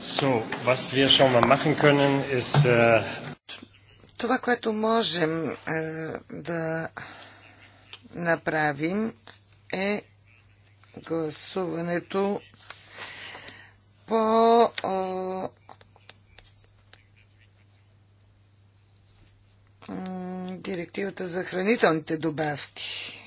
So, was wir schon mal machen können, ist, äh, Това, което можем е, да направим е гласуването по директивата за хранителните добавки.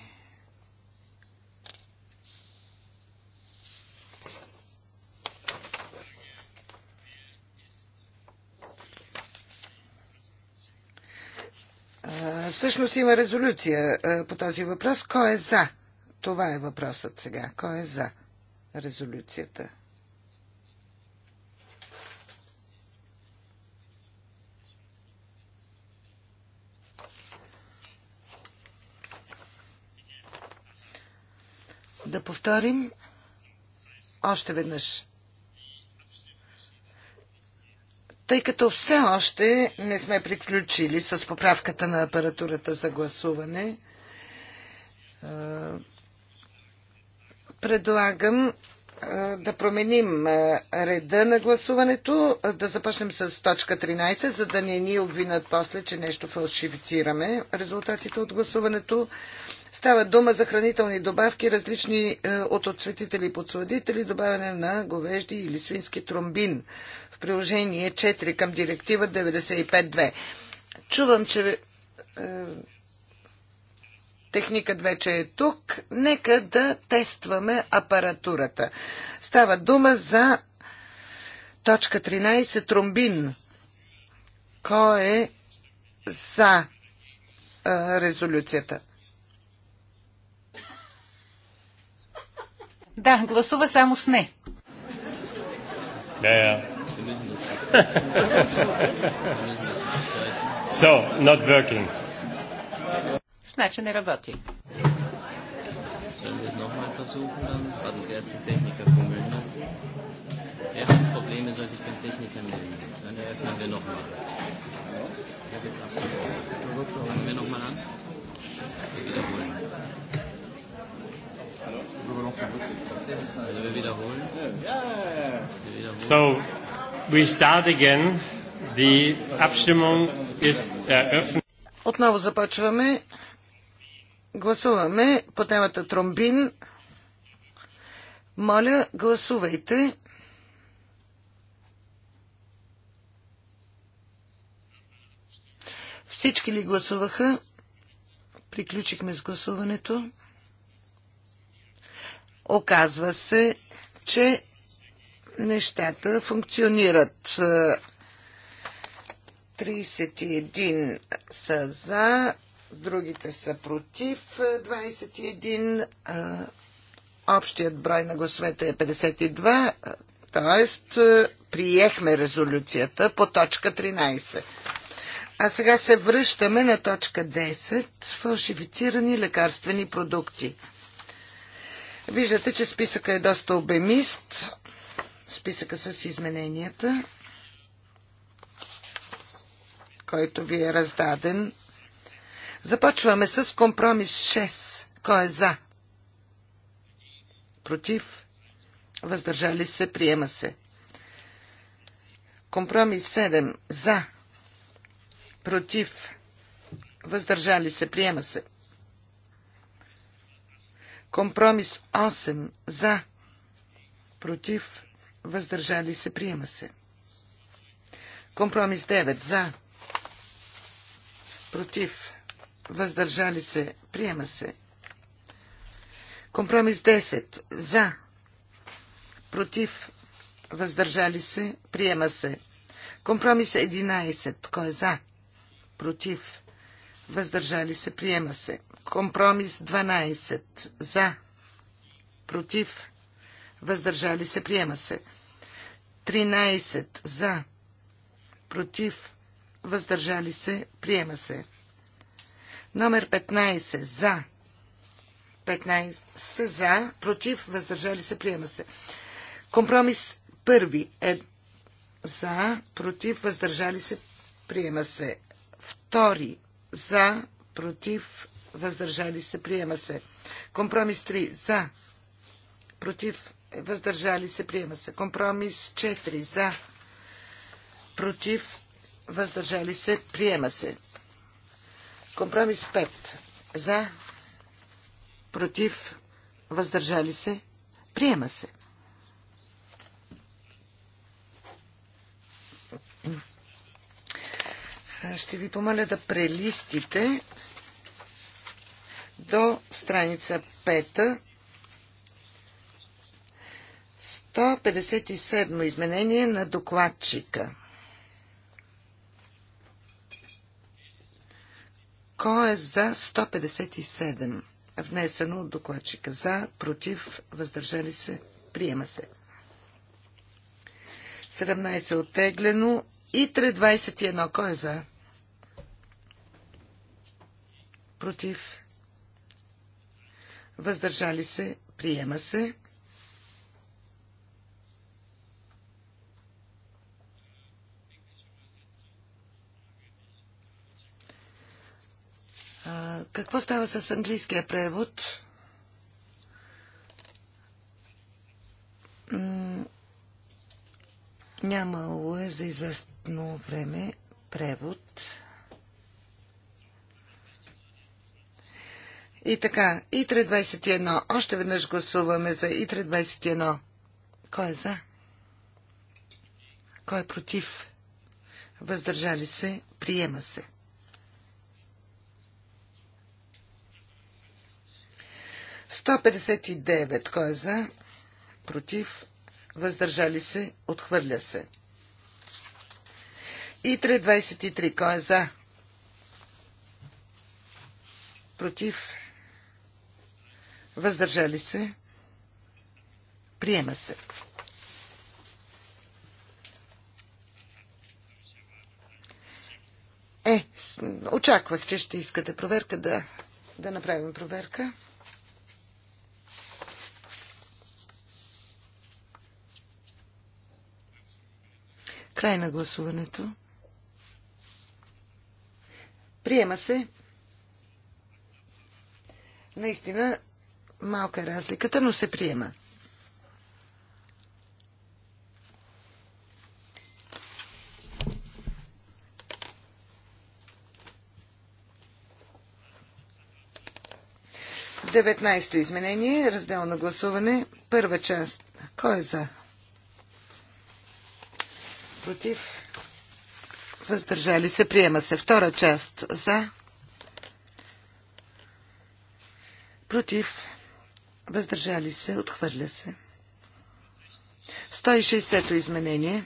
Всъщност има резолюция по този въпрос. Кой е за? Това е въпросът сега. Кой е за резолюцията? Да повторим още веднъж. тъй като все още не сме приключили с поправката на апаратурата за гласуване, предлагам да променим реда на гласуването, да започнем с точка 13, за да не ни обвинат после, че нещо фалшифицираме резултатите от гласуването. Става дума за хранителни добавки, различни е, от отцветители и подсладители, добавяне на говежди или свински тромбин в приложение 4 към директива 95.2. Чувам, че е, вече е тук. Нека да тестваме апаратурата. Става дума за точка 13 тромбин. Кой е за е, резолюцията? Да, гласува само с не. Yeah, yeah. so, not working. Значи не работи. Sollen wir es nochmal versuchen dann? Warten Sie erst den Techniker fummeln lassen. Dann eröffnen wir nochmal. wir nochmal an. Wir wiederholen. So, we start again. The Abstimmung is eröffnet. Отново започваме. Гласуваме по темата тромбин. Моля, гласувайте. Всички ли гласуваха? Приключихме с гласуването. Оказва се, че нещата функционират. 31 са за, другите са против 21. Общият брой на гласовете е 52, т.е. приехме резолюцията по точка 13. А сега се връщаме на точка 10 фалшифицирани лекарствени продукти. Виждате, че списъка е доста обемист. Списъка с измененията, който ви е раздаден. Започваме с компромис 6. Кой е за? Против? Въздържали се? Приема се. Компромис 7. За. Против. Въздържали се. Приема се. Компромис 8 за, против, въздържали се, приема се. Компромис 9 за, против, въздържали се, приема се. Компромис 10 за, против, въздържали се, приема се. Компромис 11, кой е за, против, въздържали се, приема се. Компромис 12 за, против, въздържали се, приема се. 13 за, против, въздържали се, приема се. Номер 15 за, 15 за, против, въздържали се, приема се. Компромис първи е за, против, въздържали се, приема се. Втори за, против, въздържали се, приема се. Компромис 3 за, против, въздържали се, приема се. Компромис 4 за, против, въздържали се, приема се. Компромис 5 за, против, въздържали се, приема се. Е, ще ви помоля да прелистите до страница 5. 157 изменение на докладчика. Кой е за 157? Внесено от докладчика. За, против, въздържали се, приема се. 17 е оттеглено, Итре 3.21. Кой е за? Против. Въздържали се. Приема се. А, какво става с английския превод? Няма е за известно работно време, превод. И така, ИТРЕ 21. Още веднъж гласуваме за ИТРЕ 21. Кой е за? Кой е против? Въздържали се? Приема се. Сто пятьдесят и девет. Кой е за? Против? Въздържали се? Отхвърля се. И 3.23. Кой е за? Против? Въздържали се? Приема се. Е, очаквах, че ще искате проверка да, да направим проверка. Край на гласуването. Приема се. Наистина малка е разликата, но се приема. Деветнайсто изменение, раздел на гласуване, първа част. Кой е за? Против? въздържали се, приема се. Втора част за, против, въздържали се, отхвърля се. 160-то изменение.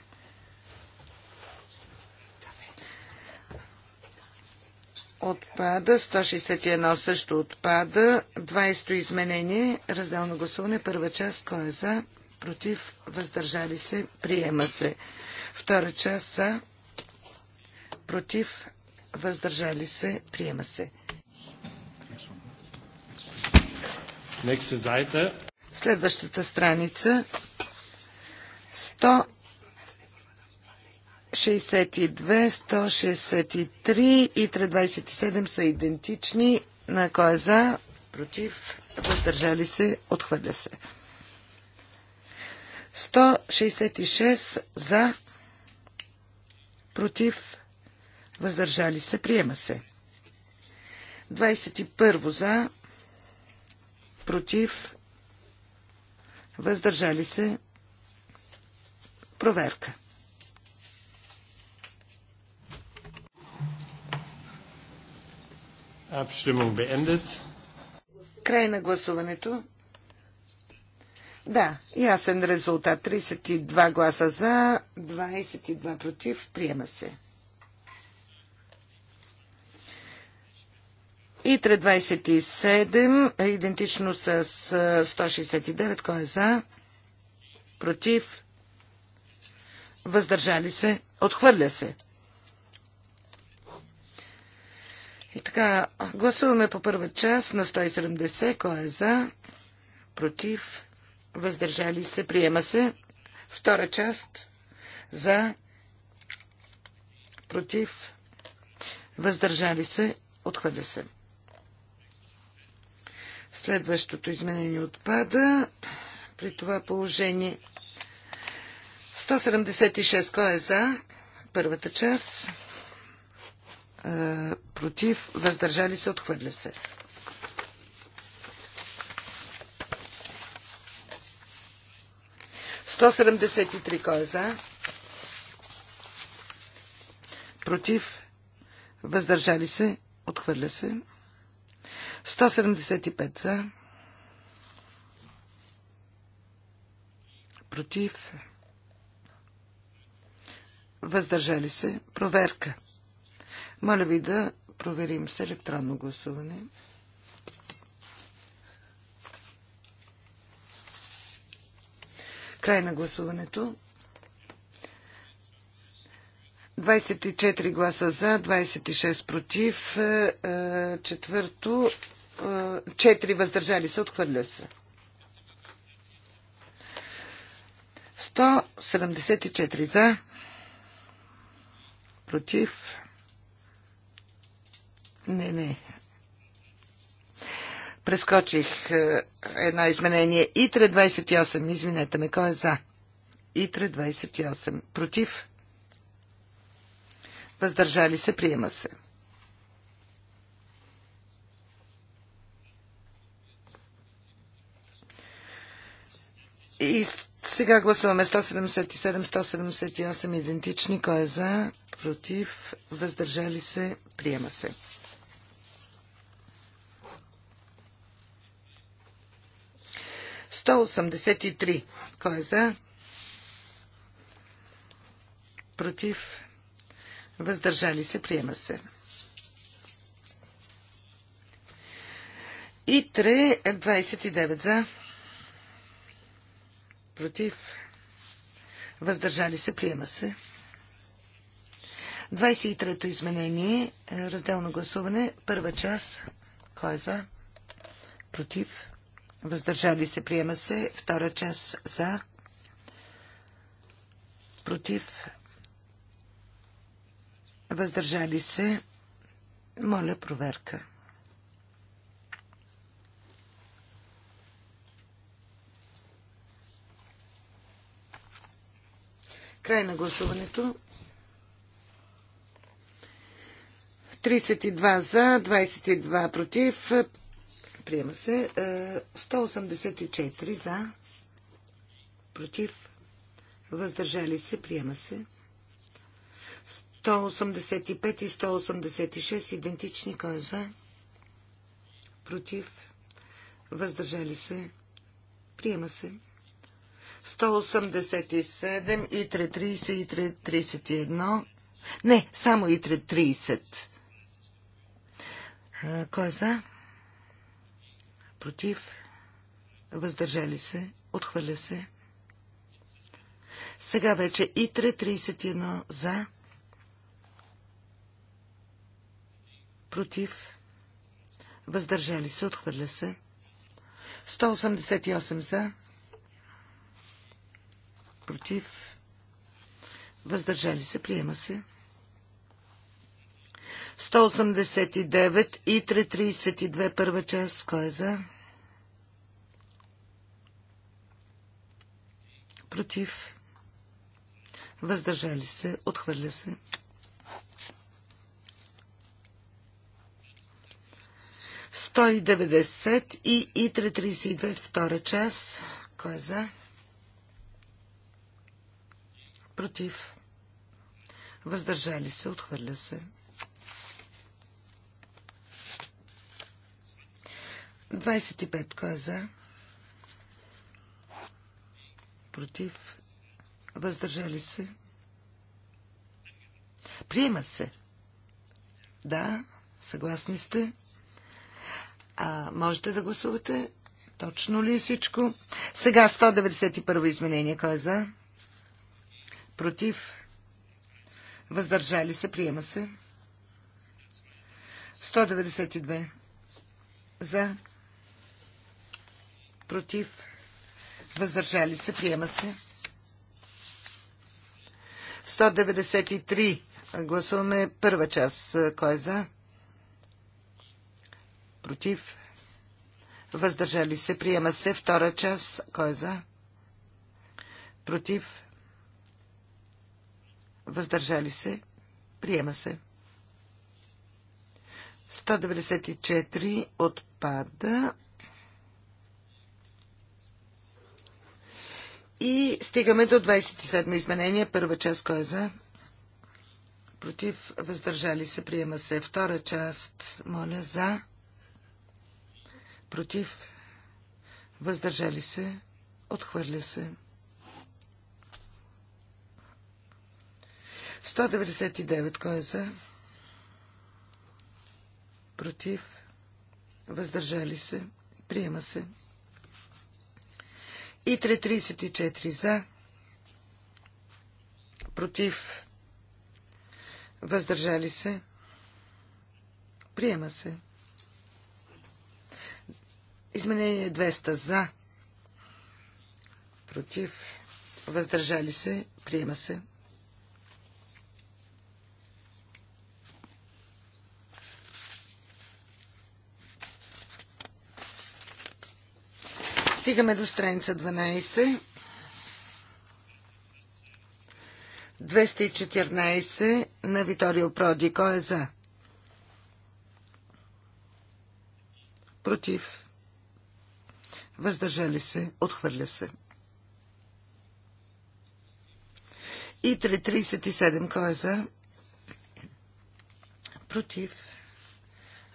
Отпада. 161 също отпада. 20-то изменение. Разделно гласуване. Първа част. Кой е за? Против. Въздържали се. Приема се. Втора част са против, въздържали се, приема се. Следващата страница 162, 163 и 327 са идентични. На кой е за, против, въздържали се, отхвърля се. 166 за, против, въздържали се, приема се. 21 за, против, въздържали се, проверка. beendet. Край на гласуването. Да, ясен резултат. 32 гласа за, 22 против. Приема се. И 327, идентично с 169, кой е за, против, въздържали се, отхвърля се. И така, гласуваме по първа част на 170, кой е за, против, въздържали се, приема се. Втора част за, против, въздържали се, отхвърля се. Следващото изменение отпада при това положение. 176 кой е за? Първата част. против, въздържали се, отхвърля се. Сто седемдесет и три кой е за? Против, въздържали се, отхвърля се. 175 за. Против. Въздържали се. Проверка. Моля ви да проверим с електронно гласуване. Край на гласуването. 24 гласа за, 26 против. Е, е, четвърто 4 въздържали се, отхвърля се. 174 за, против. Не, не. Прескочих е, едно изменение. Итре 28. Извинете ме, кой е за? Итре 28. Против. Въздържали се, приема се. И сега гласуваме 177, 178 идентични. Кой е за? Против? Въздържали се? Приема се. Сто осемдесет и три. Кой е за? Против? Въздържали се? Приема се. И и девет за против, въздържали се, приема се. 23-то изменение, е, разделно гласуване, първа част, кой е за, против, въздържали се, приема се, втора част за, против, въздържали се, моля проверка. Край на гласуването. 32 за, 22 против. Приема се. 184 е, за, против. Въздържали се. Приема се. 185 и 186 идентични. Кой е за? Против. Въздържали се. Приема се. 187 и 330 и 331. Не, само и 330. Кой е за? Против? Въздържали се? Отхвърля се? Сега вече и 331 за. Против? Въздържали се? Отхвърля се? 188 за против, въздържали се, приема се. 189 и 332 първа част, кой е за? Против, въздържали се, отхвърля се. 190 и 332 втора част. Кой е за? Против. Въздържали се. Отхвърля се. 25. Кой е за? Против. Въздържали се. Приема се. Да, съгласни сте. А, можете да гласувате. Точно ли е всичко? Сега 191 изменение. Кой е за? против, въздържали се, приема се. 192 за, против, въздържали се, приема се. 193 гласуваме първа част. Кой е за? Против? Въздържали се. Приема се. Втора част. Кой е за? Против? въздържали се, приема се. 194 отпада. И стигаме до 27 изменение. Първа част, кой е за? Против, въздържали се, приема се. Втора част, моля, за. Против, въздържали се, отхвърля се. 199. Кой е за? Против? Въздържали се? Приема се. И 334 за. Против? Въздържали се? Приема се. Изменение 200 за. Против? Въздържали се? Приема се. Стигаме до страница 12. 214 на Виторио Проди. Кой е за? Против. Въздържали се. Отхвърля се. И 337. Кой е за? Против.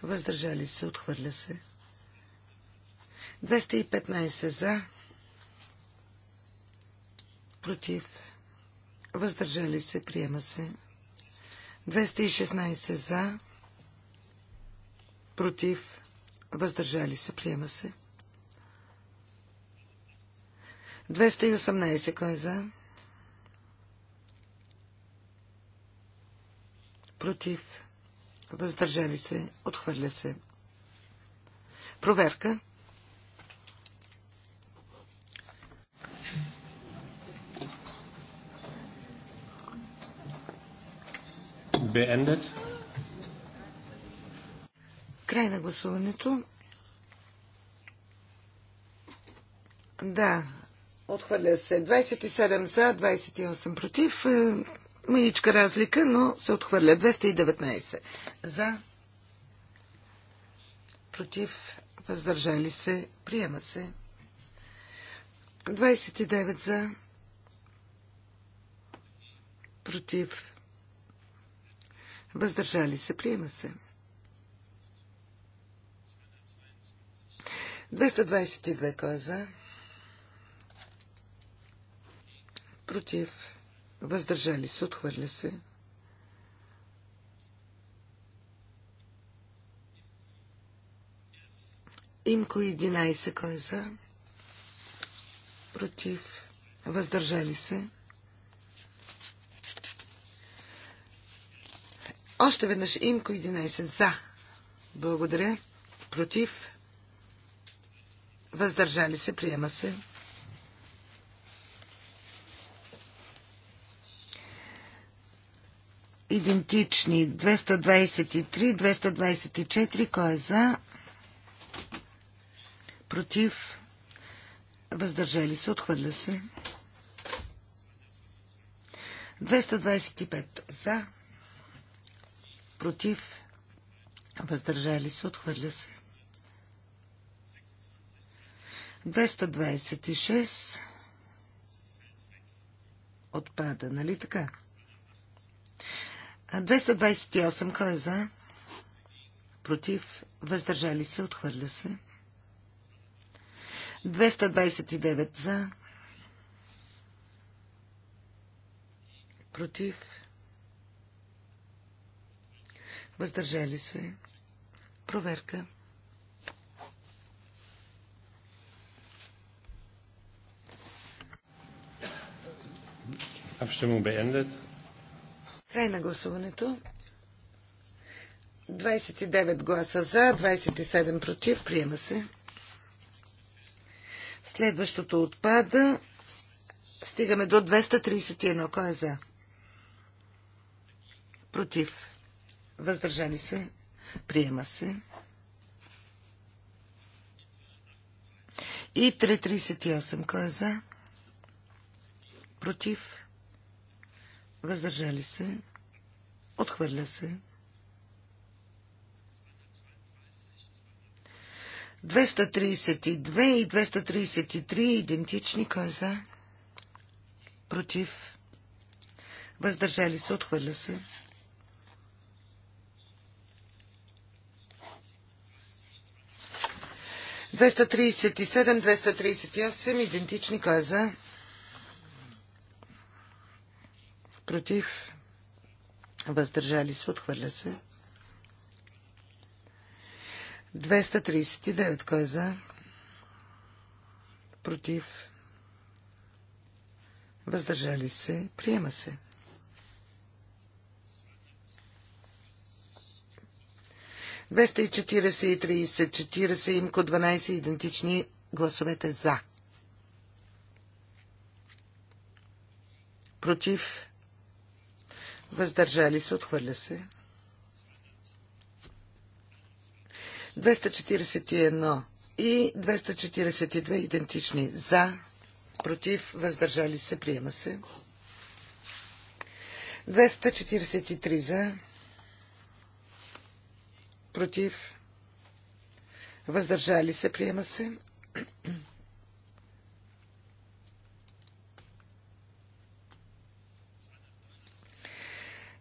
Въздържали се. Отхвърля се. 215 за, против, въздържали се, приема се. 216 за, против, въздържали се, приема се. 218 кой е за? Против, въздържали се, отхвърля се. Проверка. beendet. Край на гласуването. Да, отхвърля се 27 за, 28 против. Е, Миничка разлика, но се отхвърля 219 за, против, въздържали се, приема се. 29 за, против, въздържали се, приема се. 222 кой е за? Против. Въздържали се, отхвърля се. Имко 11 кой е за? Против. Въздържали се. Още веднъж имко 11 за. Благодаря. Против. Въздържали се. Приема се. Идентични 223, 224. Кой е за? Против. Въздържали се. Отхвърля се. 225 за против, въздържали се, отхвърля се. 226 отпада, нали така? 228, кой е за? Против, въздържали се, отхвърля се. 229 за. Против, Въздържали се. Проверка. Abstimmung beendet. Край на гласуването. 29 гласа за, 27 против. Приема се. Следващото отпада. Стигаме до 231. Кой е за? Против въздържали се, приема се. И 3.38, кой е за? Против, въздържали се, отхвърля се. 232 и 233 идентични, кой е за? Против, въздържали се, отхвърля се. 237, 238, идентични, каза. Е за? Против. Въздържали се, отхвърля се. 239, кой е за? Против. Въздържали се, приема се. 240 и 30, 40, ко 12 идентични гласовете за. Против. Въздържали се, отхвърля се. 241 и 242 идентични за, против, въздържали се, приема се. 243 за, против, въздържали се, приема се.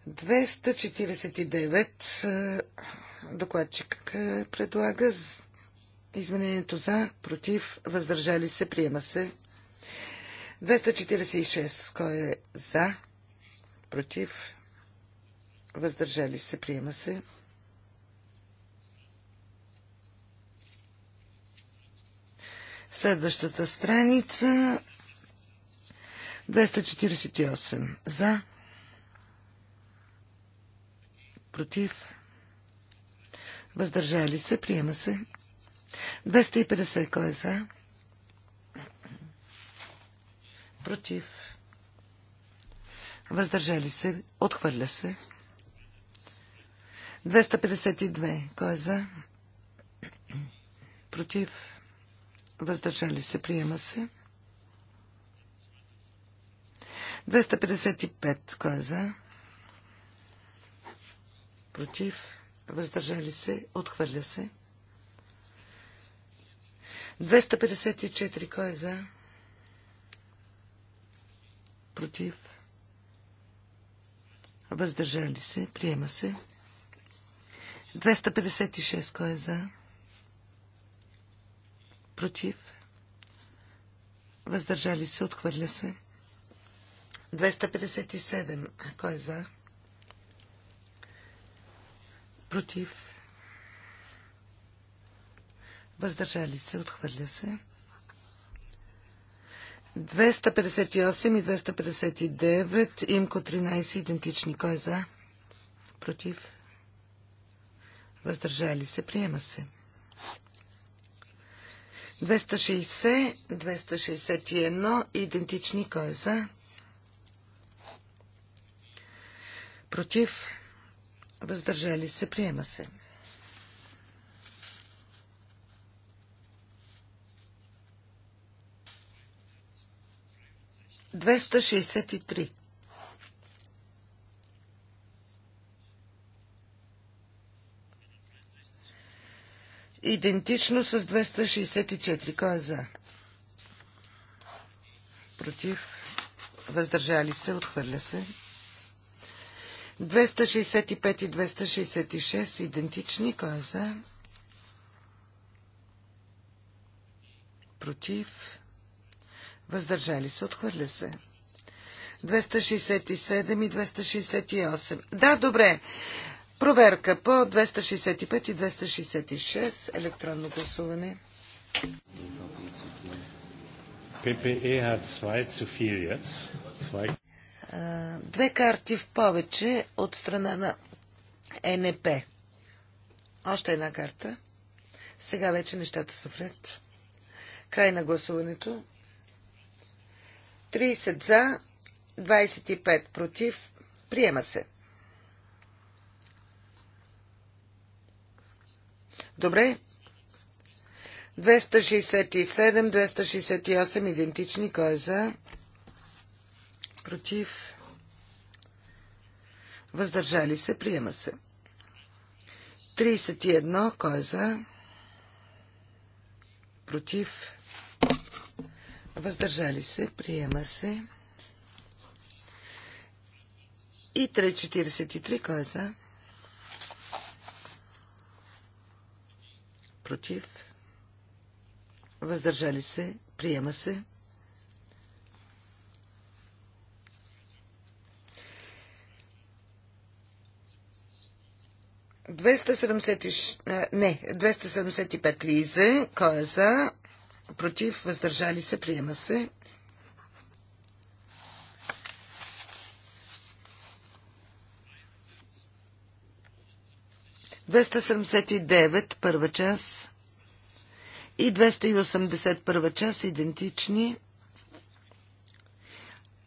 Двеста четиридесет и девет е, докладчик е, предлага изменението за, против, въздържали се, приема се. 246, кой е за, против, въздържали се, приема се. Следващата страница 248 за против въздържали се, приема се 250 кой е за против въздържали се, отхвърля се 252 кой е за против въздържали се, приема се. 255, кой е за? Против, въздържали се, отхвърля се. 254, кой е за? Против, въздържали се, приема се. 256, кой е за? против, въздържали се, отхвърля се. 257. Кой е за? Против. Въздържали се, отхвърля се. 258 и 259, имко 13, идентични. Кой е за? Против. Въздържали се, приема се. 260. 260, 261 идентични. Кой е за? Против. Въздържали се. Приема се. Двеста шестьдесят и три. идентично с 264. Кой е за? Против. Въздържали се. Отхвърля се. 265 и 266 идентични. Кой е за? Против. Въздържали се. Отхвърля се. 267 и 268. Да, добре. Проверка по 265 и 266 електронно гласуване. ППЕ hat 2 zu jetzt. Две карти в повече от страна на НП. Още една карта. Сега вече нещата са вред. Край на гласуването. 30 за, 25 против. Приема се. Добре. 267, 268 идентични. Кой е за? Против? Въздържали се? Приема се. 31. Кой е за? Против? Въздържали се? Приема се. И 343. Кой е за? против, въздържали се, приема се. не, 275 лизе, кой е за, против, въздържали се, приема се. 279 първа част и 280 първа част идентични,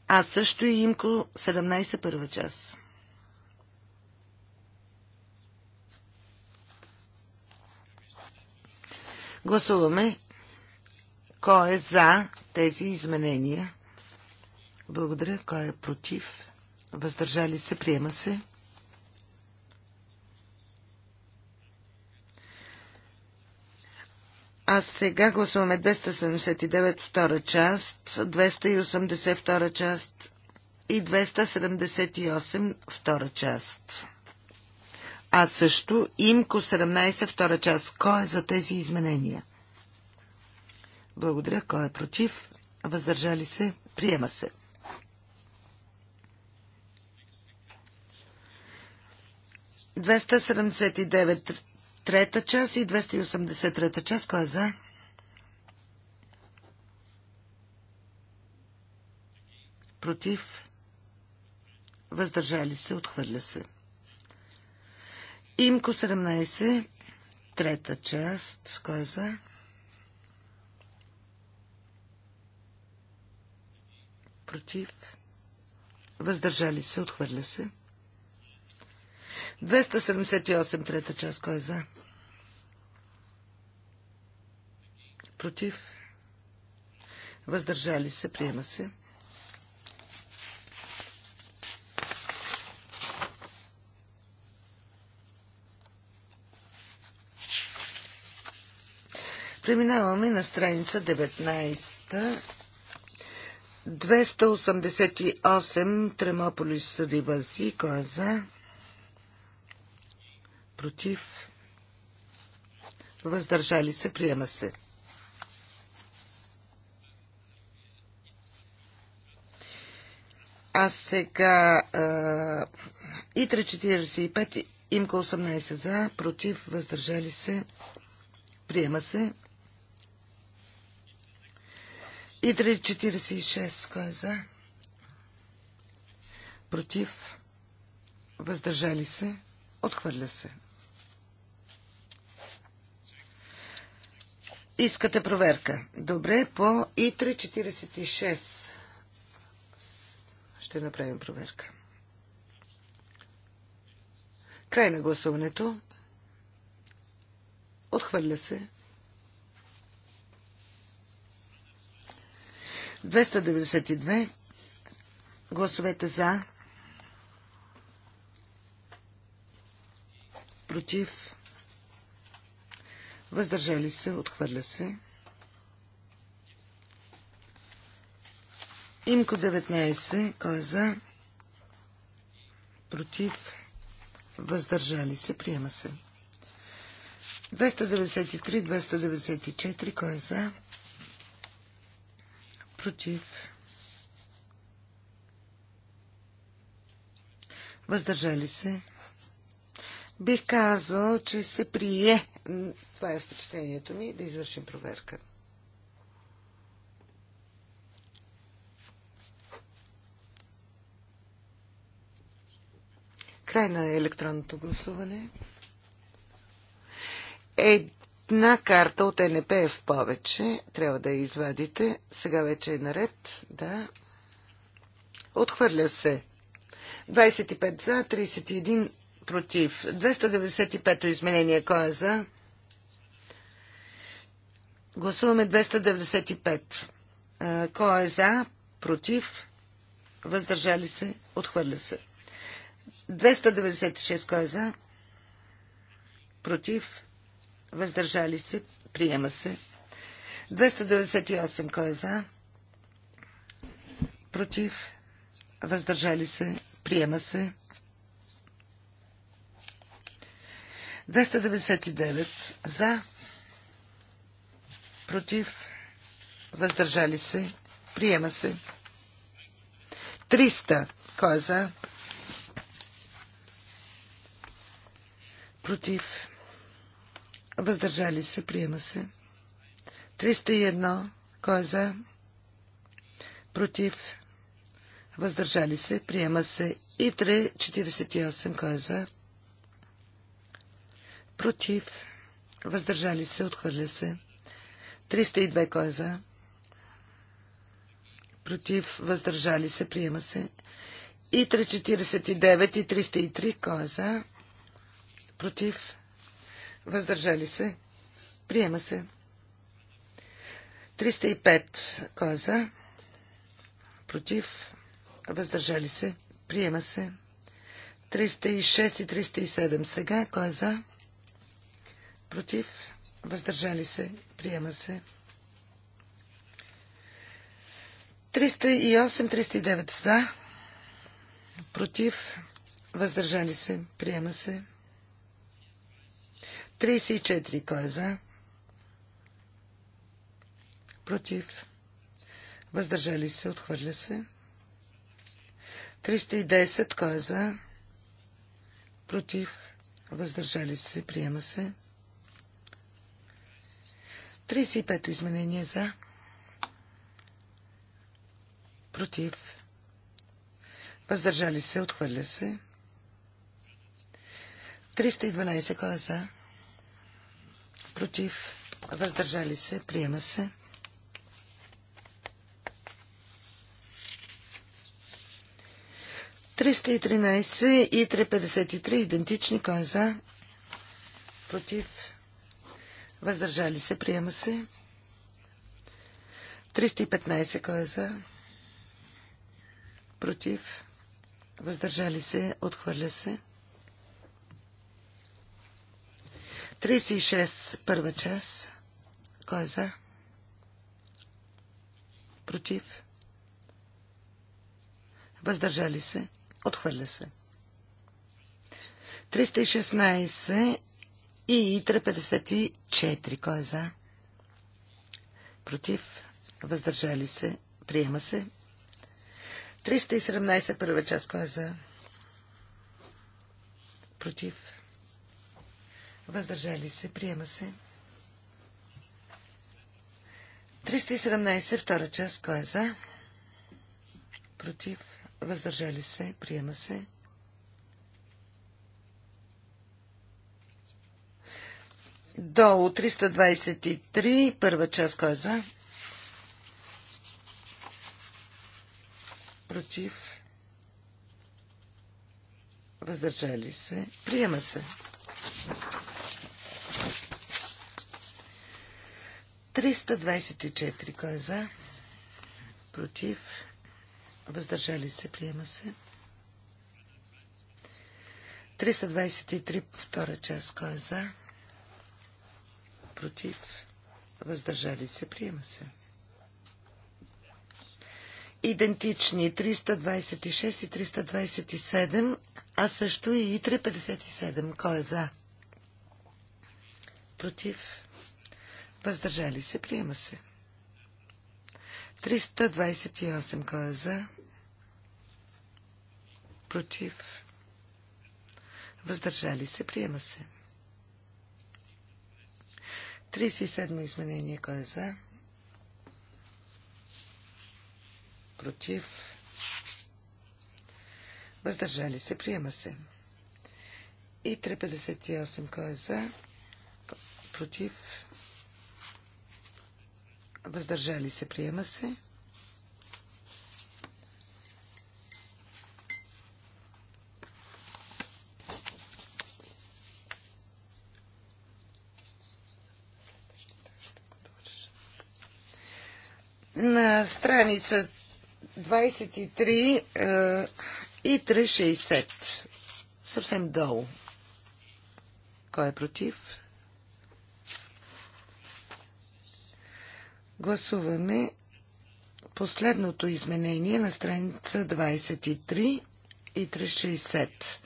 а също и имко 17 първа част. Гласуваме кой е за тези изменения. Благодаря. Кой е против? Въздържали се? Приема се. А сега гласуваме 279 втора част, 280 втора част и 278 втора част. А също имко 17 втора част. Кой е за тези изменения? Благодаря. Кой е против? Въздържали се? Приема се. Двеста Трета част и 283 част. Кой е за? Против? Въздържали се? Отхвърля се. Имко 17, трета част. Кой е за? Против? Въздържали се? Отхвърля се. 278 трета част. Кой е за? Против? Въздържали се. Приема се. Преминаваме на страница 19. 288 Тремополис Ривази. Кой е за? против, въздържали се, приема се. А сега и 345, имка 18 за, против, въздържали се, приема се. И 346, кой е за? Против, въздържали се, отхвърля се. Искате проверка. Добре, по И346 ще направим проверка. Край на гласуването. Отхвърля се. 292 гласовете за, против, Въздържали се, отхвърля се. Имко 19, кой е за? Против. Въздържали се, приема се. 293, 294, кой е за? Против. Въздържали се. Бих казал, че се прие това е впечатлението ми да извършим проверка. Край на електронното гласуване. Една карта от НП е повече. Трябва да я извадите. Сега вече е наред. Да. Отхвърля се. 25 за, 31 против. 295 изменение. Кой е за? Гласуваме 295. Кой е за? Против? Въздържали се? Отхвърля се. 296. Кой е за? Против? Въздържали се? Приема се. 298. Кой е за? Против? Въздържали се? Приема се. 299 за, против, въздържали се, приема се. 300. Кой е за? Против. Въздържали се, приема се. 301. Кой е за? Против. Въздържали се, приема се. И 348. Кой е за? Против. Въздържали се, отхвърля се. 302 кой е за? Против, въздържали се, приема се. И 349 и 303 кой е за? Против, въздържали се, приема се. 305 кой е за? Против, въздържали се, приема се. 306 и 307 сега. Кой е за? Против? Въздържали се? Приема се. 308-309 за. Против. Въздържали се. Приема се. 34. Кой е за? Против. Въздържали се. Отхвърля се. 310. Кой е за? Против. Въздържали се. Приема се. 35-то изменение за. Против. Въздържали се. Отхвърля се. 312. Кой е за? Против. Въздържали се. Приема се. 313 и 353 идентични. Кой е за? Против. Въздържали се. Приема се. 315. Кой е за? Против. Въздържали се. Отхвърля се. 36. Първа част. Кой е за? Против. Въздържали се. Отхвърля се. 316 и ИТРА 54. Кой е за? Против? Въздържали се? Приема се. 317 първа част. Кой е за? Против? Въздържали се? Приема се. 317 втора част. Кой е за? Против? Въздържали се? Приема се. Долу 323, първа част кой е за? Против. Въздържали се. Приема се. 324. Кой е за? Против. Въздържали се. Приема се. 323. Втора част. Кой е за? против, въздържали се, приема се. Идентични 326 и 327, а също и 357. Кой е за? Против, въздържали се, приема се. 328. Кой е за? Против. Въздържали се. Приема се. 37 изменение. Кой е за? Против. Въздържали се. Приема се. И 358. Кой е за? Против. Въздържали се. Приема се. на страница 23 и 360. Е, Съвсем долу. Кой е против? Гласуваме последното изменение на страница 23 и 360.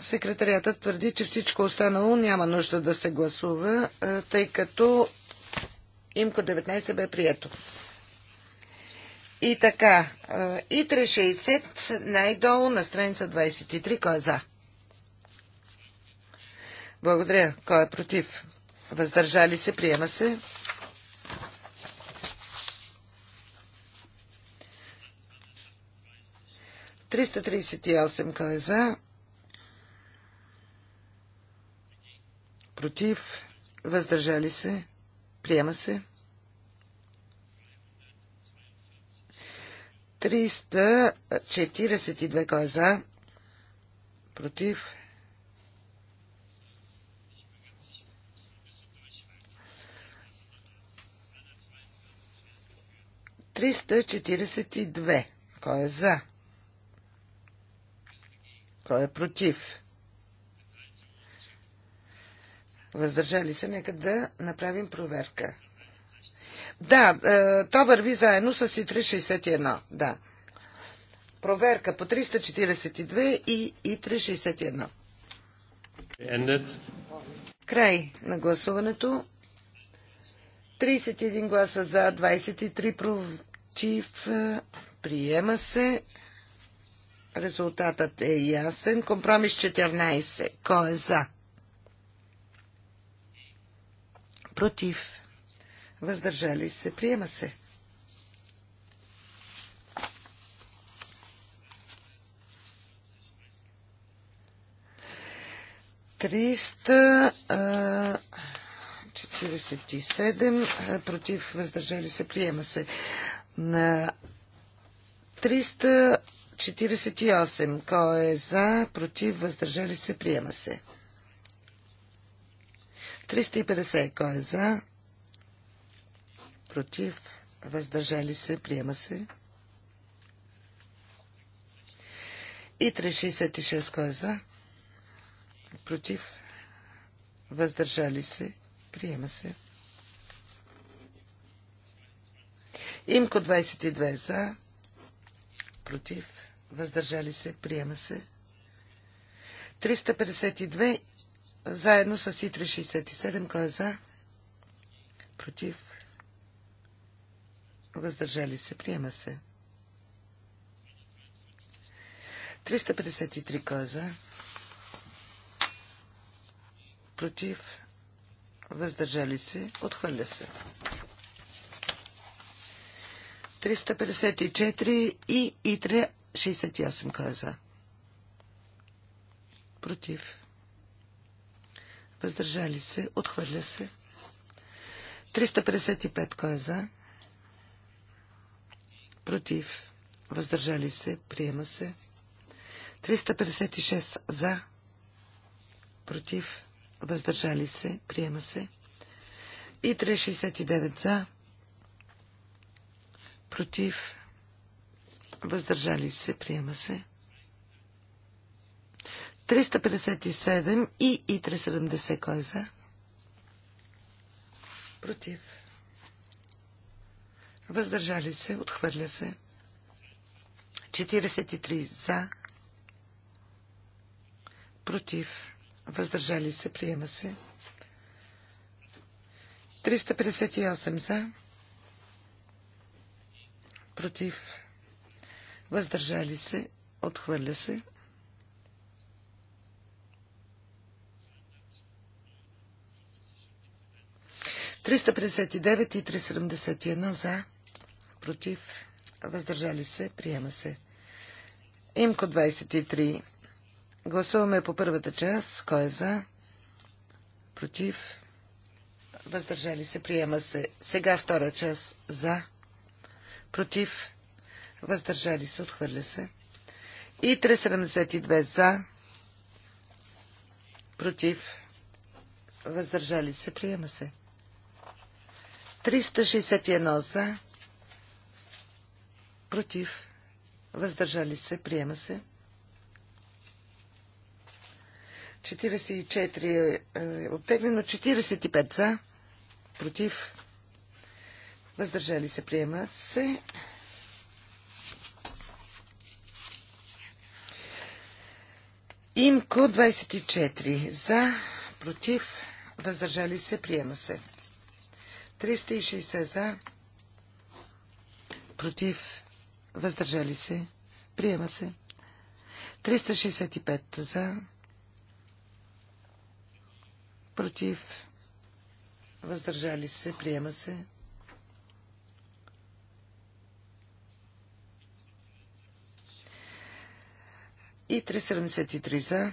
Секретариатът твърди, че всичко останало няма нужда да се гласува, тъй като имко 19 бе прието. И така, и 360 най-долу на страница 23, кой е за? Благодаря. Кой е против? Въздържали се, приема се. Триста осем кой е за? против, въздържали се, приема се. 342 кой е за, против. Триста и две. Кой е за? Кой е против? въздържали се, нека да направим проверка. Да, е, то върви заедно с И361. Да. Проверка по 342 и И361. Край на гласуването. 31 гласа за, 23 против. Е, приема се. Резултатът е ясен. Компромис 14. Кой е за? против, въздържали се, приема се. Триста четиридесет против, въздържали се, приема се. На 348. Кой е за, против, въздържали се, приема се. 350. Кой е за? Против? Въздържали се? Приема се. И 366. Кой е за? Против? Въздържали се? Приема се. Имко 22 за. Против? Въздържали се? Приема се. 352 заедно с Итри 67. Кой е за? Против? Въздържали се. Приема се. 353. Кой е за? Против? Въздържали се. Отхвърля се. 354 и ИТРА 68. Кой е за? Против? въздържали се, отхвърля се. 355 кой е за? Против, въздържали се, приема се. 356 за, против, въздържали се, приема се. И 369 за, против, въздържали се, приема се. 357 и и 370. Кой е за? Против. Въздържали се. Отхвърля се. 43 за. Против. Въздържали се. Приема се. 358 за. Против. Въздържали се. Отхвърля се. 359 и 371 за, против, въздържали се, приема се. Имко 23. Гласуваме по първата част. Кой е за? Против? Въздържали се, приема се. Сега втора част. За? Против? Въздържали се, отхвърля се. И 372 за? Против? Въздържали се, приема се. 361 за, против, въздържали се, приема се. 44 е, е оттеглено, 45 за, против, въздържали се, приема се. Имко 24 за, против, въздържали се, приема се. 360 за, против, въздържали се, приема се. 365 за, против, въздържали се, приема се. И 373 за,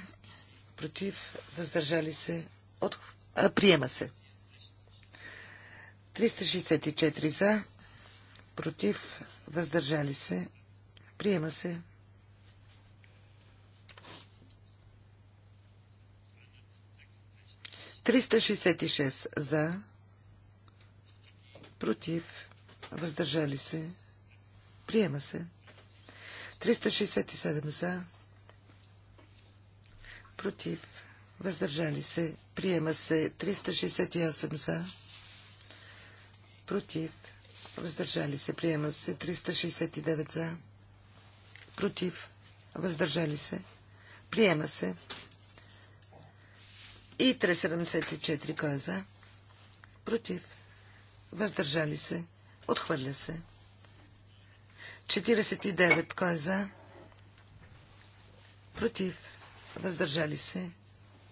против, въздържали се, от... а, приема се. 364 за, против, въздържали се, приема се. 366 за, против, въздържали се, приема се. 367 за, против, въздържали се, приема се. 368 за, против, въздържали се, приема се 369 за, против, въздържали се, приема се и 374 кой е за, против, въздържали се, отхвърля се. 49 кой е за, против, въздържали се,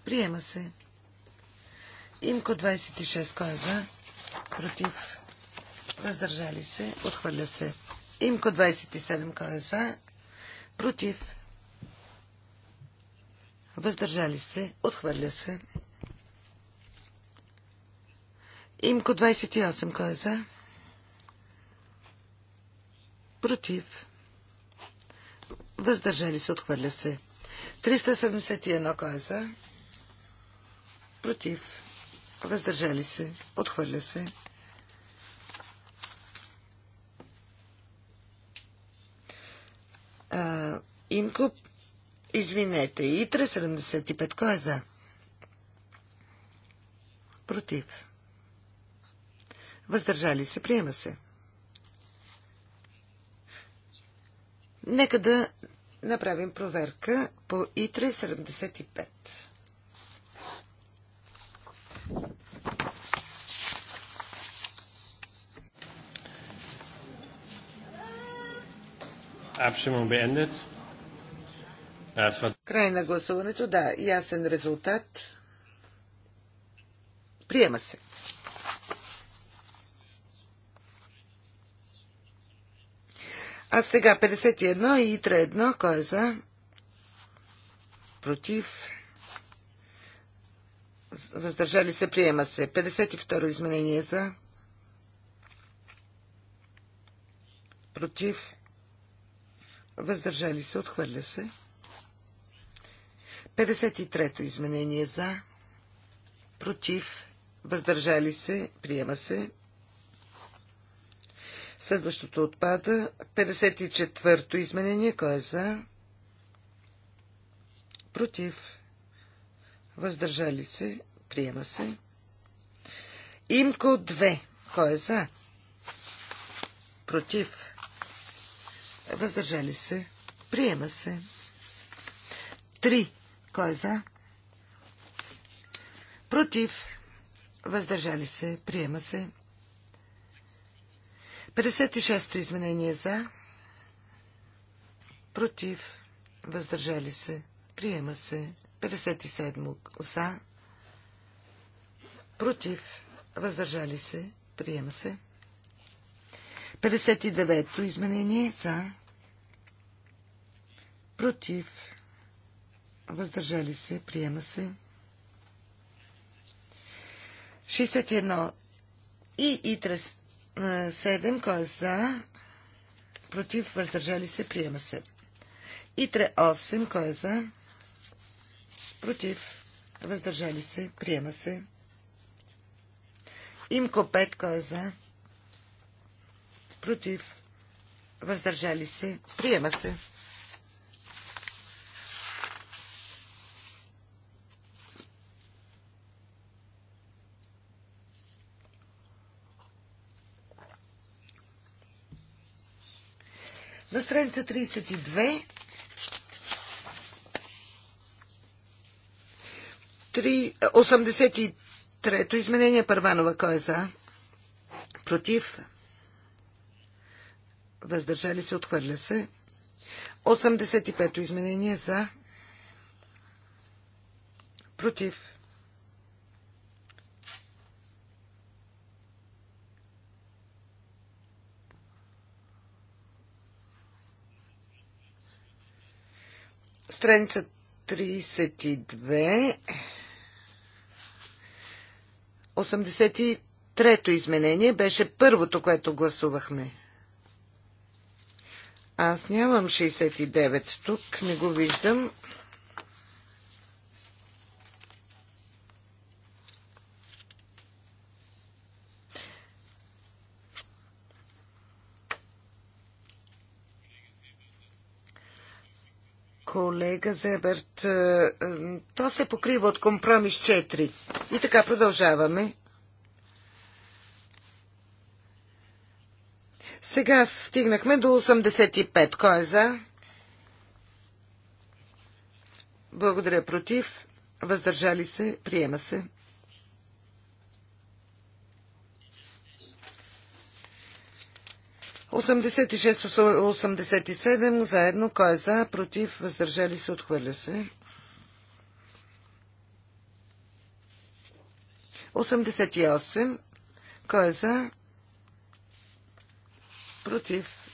приема се. Имко 26 кой е за, против, въздържали се, отхвърля се. Имко 27, кой е за, против, въздържали се, отхвърля се. Имко 28, кой е за, против, въздържали се, отхвърля се. 371, кой е за, против, въздържали се, отхвърля се. Инкуб, Имко, извинете, ИТРЕ 75, кой е за? Против. Въздържали се, приема се. Нека да направим проверка по Итра 75. Äh, Край на гласуването, да, ясен резултат. Приема се. А сега 51 и 3-1, кой е за? Против. Въздържали се, приема се. 52 изменение за. Против въздържали се, отхвърля се. 53-то изменение за, против, въздържали се, приема се. Следващото отпада. 54-то изменение, кой е за? Против, въздържали се, приема се. Имко 2, кой е за? Против, Въздържали се. Приема се. Три. Кой е за? Против. Въздържали се. Приема се. 56-то изменение за. Против. Въздържали се. Приема се. 57 за. Против. Въздържали се. Приема се. 59-то изменение за против въздържали се, приема се. 61 и ИТРА 7, кой е за, против, въздържали се, приема се. Итре 8, кой е за, против, въздържали се, приема се. ИМКО 5, кой е за, против, въздържали се, приема се. На страница 32 83-то изменение Първанова. Кой е за? Против? въздържали се, отхвърля се. 85-то изменение за, против. Страница 32. 83-то изменение беше първото, което гласувахме. Аз нямам 69 тук, не го виждам. колега Зеберт. Е, е, то се покрива от компромис 4. И така продължаваме. Сега стигнахме до 85. Кой е за? Благодаря против. Въздържали се. Приема се. Осемдесет и седем, заедно, кой е за, против, въздържали се, отхвърля се. 88. кой е за, против,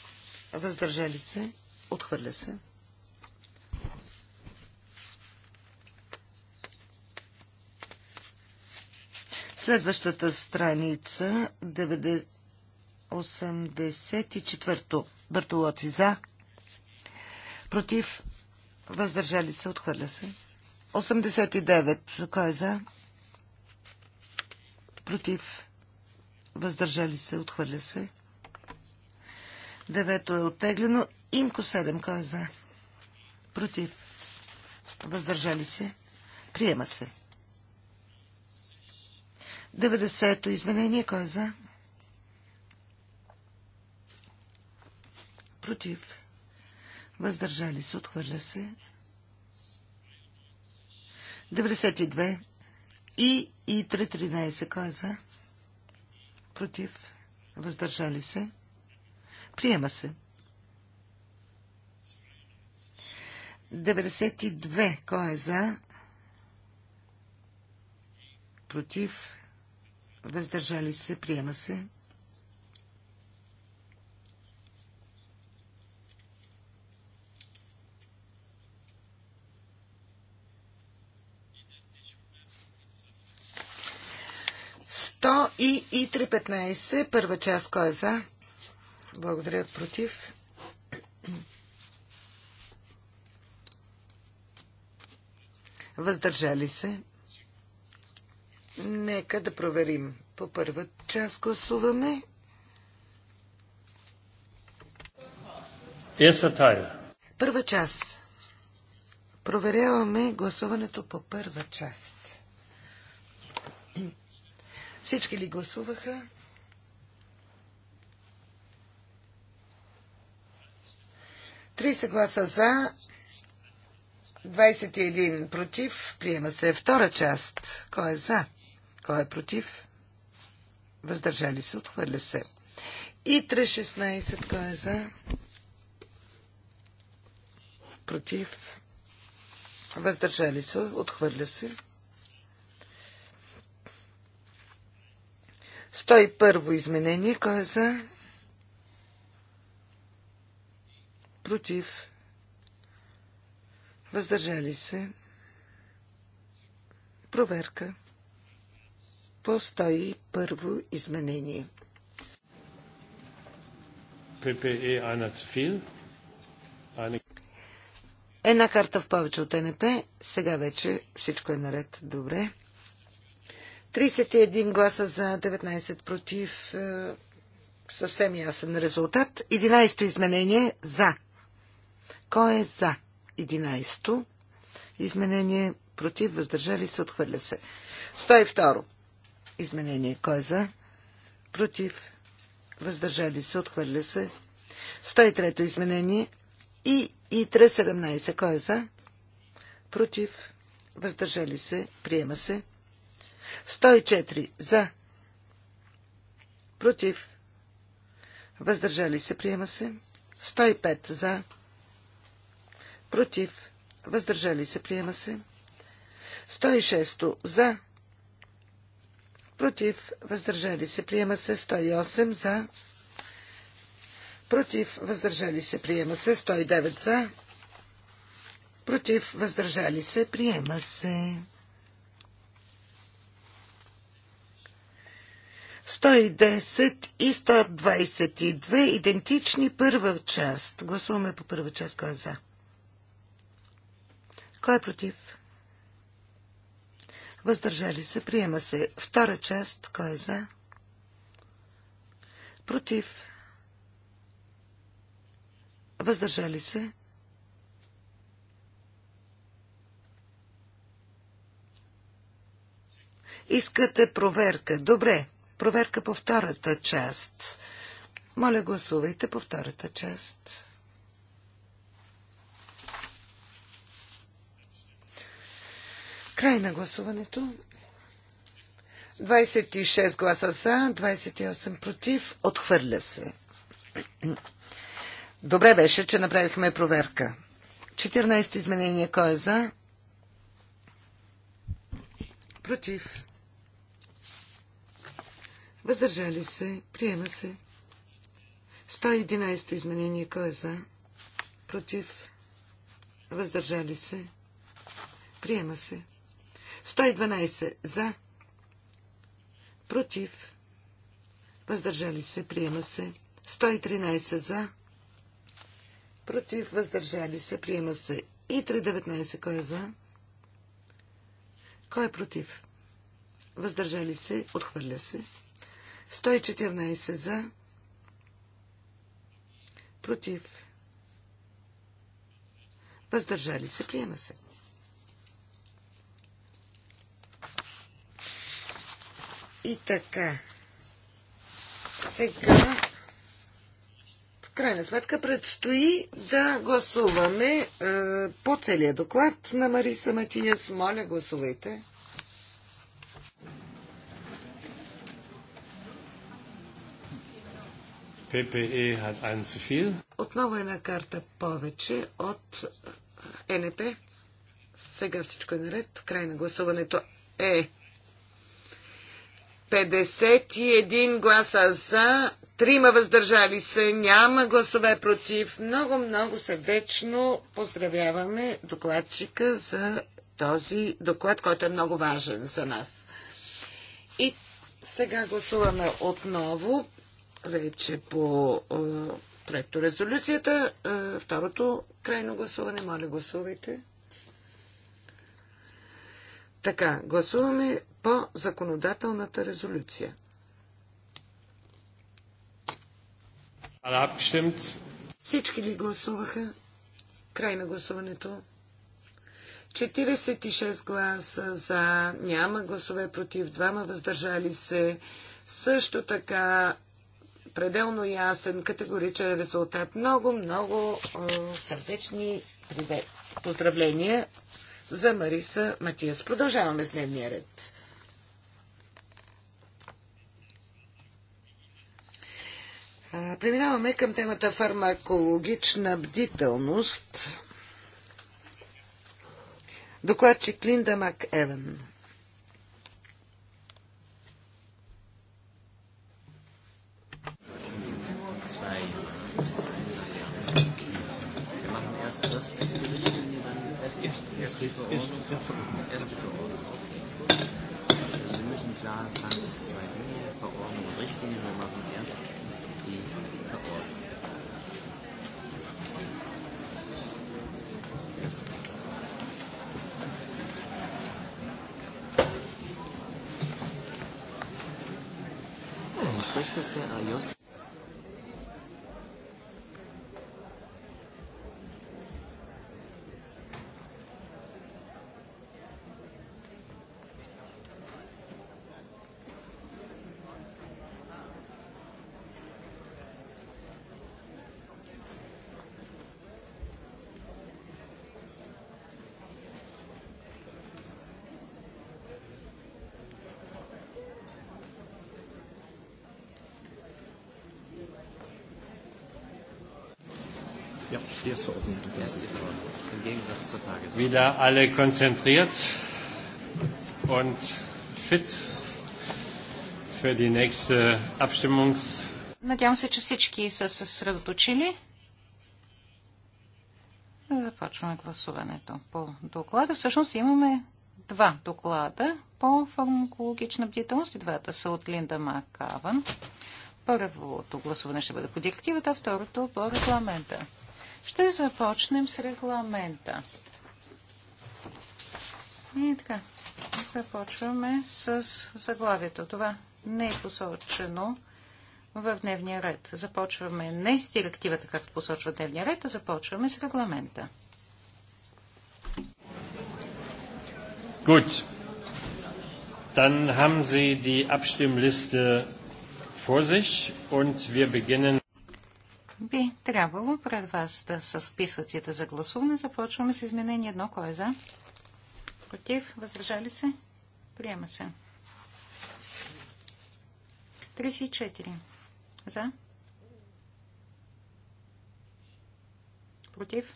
въздържали се, отхвърля се. Следващата страница, 84-то, Бъртолоци за, против, въздържали се, отхвърля се. 89, кой е за? Против, въздържали се, отхвърля се. Девето е оттеглено. Имко 7. Кой е за? Против. Въздържали се. Приема се. 90-то изменение. Кой е за? Против. Въздържали се. Отхвърля се. 92. И, и 3.13. Кой е за? Против. Въздържали се. Приема се. 92. Кой е за? Против? Въздържали се? Приема се. Сто и и 315. Първа част кой е за? Благодаря. Против. Въздържали се. Нека да проверим. По първа част гласуваме. Първа част. Проверяваме гласуването по първа част. Всички ли гласуваха? 30 гласа за, 21 против. Приема се втора част. Кой е за? Кой е против? Въздържали се, отхвърля се. И 3.16. Кой е за? Против. Въздържали се, отхвърля се. 101 изменение. Кой е за? против, въздържали се, проверка по 101 изменение. ППЕ Ана Цфил. Една карта в повече от НП. Сега вече всичко е наред. Добре. 31 гласа за, 19 против. Е, съвсем ясен резултат. 11 изменение за. Кой е за 11-то изменение? Против, въздържали се, отхвърля се. 102 изменение. Кой е за? Против, въздържали се, отхвърля се. 103 изменение и и 317. Кой е за? Против, въздържали се, приема се. 104 за. Против, въздържали се, приема се. 105 за против, въздържали се, приема се. 106 за, против, въздържали се, приема се. 108 за, против, въздържали се, приема се. 109 за, против, въздържали се, приема се. 110 и 122 идентични първа част. Гласуваме по първа част. Кой е за? Кой е против? Въздържали се. Приема се. Втора част. Кой е за? Против. Въздържали се. Искате проверка. Добре. Проверка по втората част. Моля, гласувайте по втората част. Край на гласуването. 26 гласа за, 28 против. Отхвърля се. Добре беше, че направихме проверка. 14-то изменение. Кой е за? Против. Въздържали се. Приема се. 111-то изменение. Кой е за? Против. Въздържали се. Приема се. 112 за, против, въздържали се, приема се. 113 за, против, въздържали се, приема се. И 319, кой е за? Кой е против? Въздържали се, отхвърля се. 114 за, против, въздържали се, приема се. И така. Сега, в крайна сметка, предстои да гласуваме е, по целия доклад на Мариса Матиняс. Моля, гласувайте. ППЕ e had einen zu viel. Отново една карта повече от е, НП. Сега всичко е наред. Край на гласуването е 51 гласа за, 3 въздържали се, няма гласове против. Много-много сърдечно поздравяваме докладчика за този доклад, който е много важен за нас. И сега гласуваме отново, вече по е, проекто резолюцията. Е, второто крайно гласуване, моля гласувайте. Така, гласуваме по законодателната резолюция. Всички ли гласуваха? Край на гласуването. 46 гласа за, няма гласове против, двама въздържали се. Също така пределно ясен, категоричен резултат. Много, много е, сърдечни поздравления за Мариса Матиас. Продължаваме с дневния ред. Преминаваме към темата фармакологична бдителност. Докладчик Линда Мак Еван. Erste Verordnung. Erste Verordnung. Sie müssen klar sagen, es ist zwei Dinge, Verordnung und Richtlinie. Wir machen erst Schlechteste Ajus. vier Verordnungen. Im Gegensatz zur Tagesordnung. Wieder alle konzentriert und fit für die nächste Abstimmungs. Надявам се, че всички са се съсредоточили. Започваме гласуването по доклада. Всъщност имаме два доклада по фармакологична бдителност и двата са от Линда Макаван. Първото гласуване ще бъде по директивата, а второто по регламента. Ще започнем с регламента. И така, започваме с заглавието. Това не е посочено в дневния ред. Започваме не с директивата, както посочва дневния ред, а започваме с регламента. Gut. Dann haben Sie die Abstimmliste vor sich und wir beginnen би трябвало пред вас да са списъците за гласуване. Започваме с изменение едно. Кой е за? Против? Въздържали се? Приема се. 34. За? Против?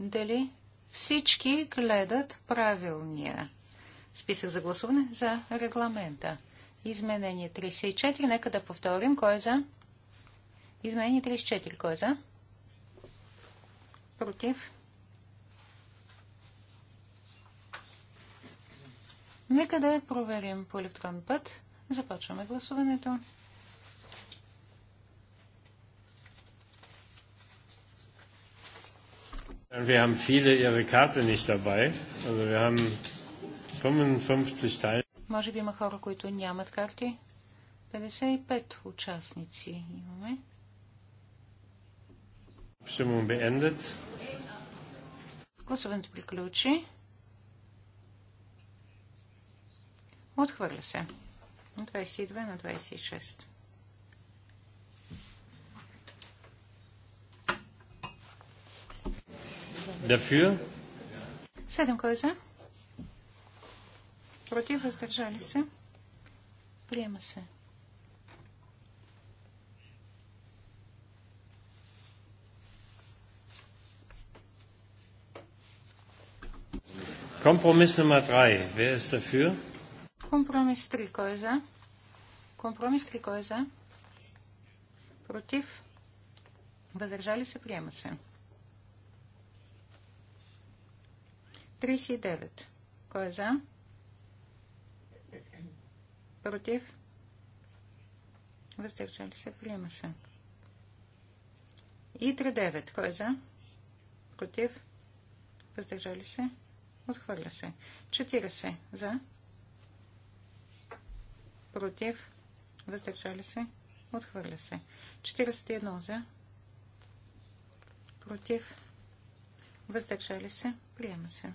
Дали всички гледат правилния списък за гласуване за регламента. Изменение 34. Нека да повторим. Кой е за? Изменение 34. Кой е за? Против? Нека да проверим по електронен път. Започваме гласуването. Wir haben viele ihre Karte nicht dabei. Also wir haben 55 Teil. Може би има хора, които нямат карти. 55 участници имаме. Stimmung beendet. Гласуването приключи. Отхвърля се. 22 на 26. Dafür. Седем кой е за? Против, въздържали се. Приема се. Компромис номер 3. Wer ist dafür? Компромис 3. Кой е за? Компромис 3. Кой е за? Против? Въздържали се? Приема се. 39. Кой е за? Против? Въздържали се. Приема се. И 39. Кой е за? Против? Въздържали се. Отхвърля се. 40. За? Против? Въздържали се. Отхвърля се. 41 за. Против. Въздържали се. Приема се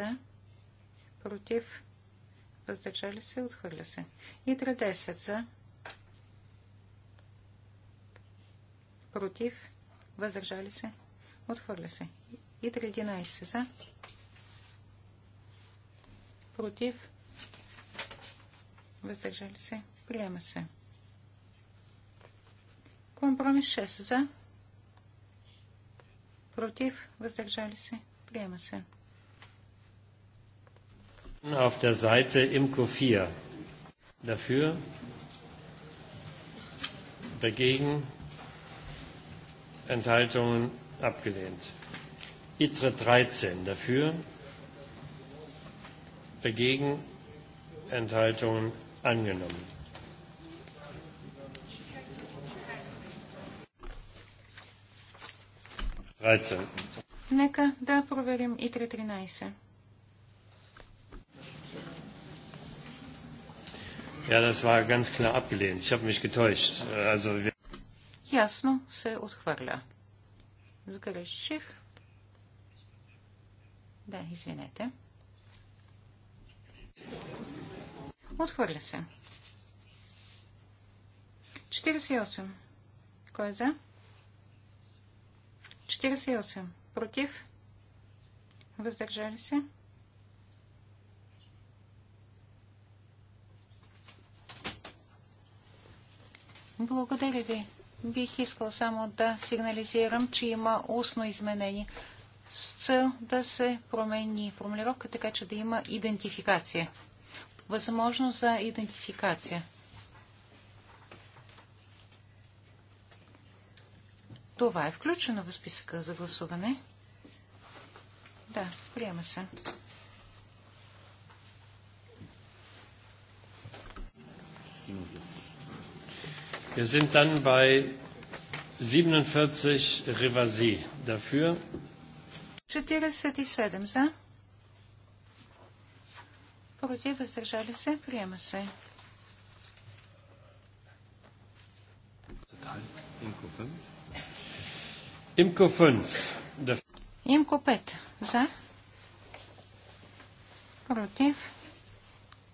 за, против, въздържали се, отхвърля се. И 30 за, против, въздържали се, отхвърля се. И 13 за, против, въздържали се, приема се. Компромис 6 за, против, въздържали се, приема се. Auf der Seite Imko 4. Dafür? Dagegen? Enthaltungen abgelehnt. ITRE 13 dafür, dagegen Enthaltungen angenommen. Нека да проверим и 13. Ja, das war ganz klar abgelehnt. Ich habe mich getäuscht. Äh, also wir... Ясно се отхвърля. Сгреших. Да, извинете. Отхвърля се. 48. Кой е за? 48. Против? Въздържали се? Благодаря ви. Бих искал само да сигнализирам, че има устно изменение с цел да се промени формулировка, така че да има идентификация. Възможност за идентификация. Това е включено в списъка за гласуване. Да, приема се. Wir sind dann bei 47 Rivasi dafür. 47 за. Против, въздържали се, приема се. Имко 5. Имко 5. За. Против.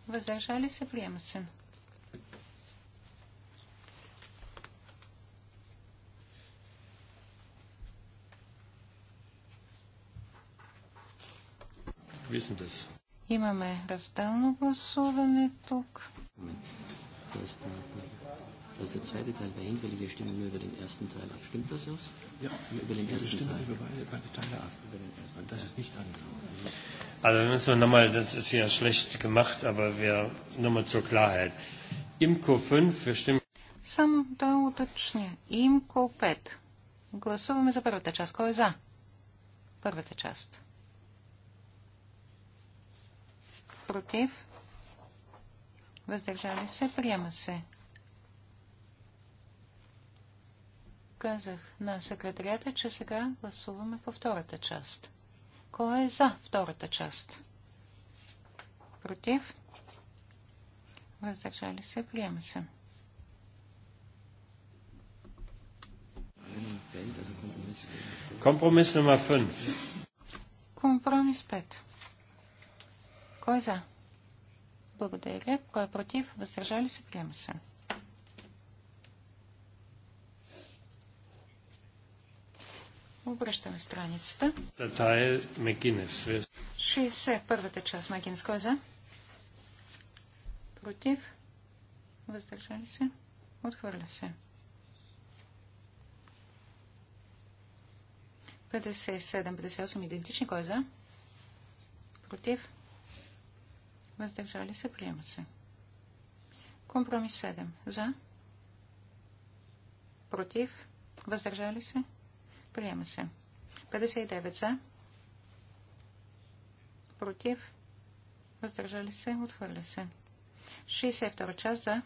Въздържали се, приема се. Имаме разделно гласуване тук. Also der zweite Teil war hinfällig, wir stimmen nur über den ersten Teil ab. Stimmt das, Jos? Ja, über den ersten stimmen Teil. über beide, beide Teile ab. Über den ersten das ist nicht angenommen. Also müssen wir nochmal, das ist ja schlecht gemacht, aber wir nochmal zur Klarheit. Imko 5, wir stimmen... Sam, da, уточня. Imko 5. Гласуваме за първата част. Кой е за? Първата част. против, въздържали се, приема се. Казах на секретарията, че сега гласуваме по втората част. Кой е за втората част? Против? Въздържали се, приема се. Компромис номер 5. Компромис 5. Кой е за? Благодаря. Кой е против? Въздържали се? Приема се. Обръщаме страницата. Та е Мекинес. 60. Първата част. Мекинес. Кой е за? Против? Въздържали се? Отхвърля се. 57, 58 идентични. Кой е за? Против? въздържали се, приема се. Компромис 7. За, против, въздържали се, приема се. 59 за, против, въздържали се, отхвърля се. 62 част за,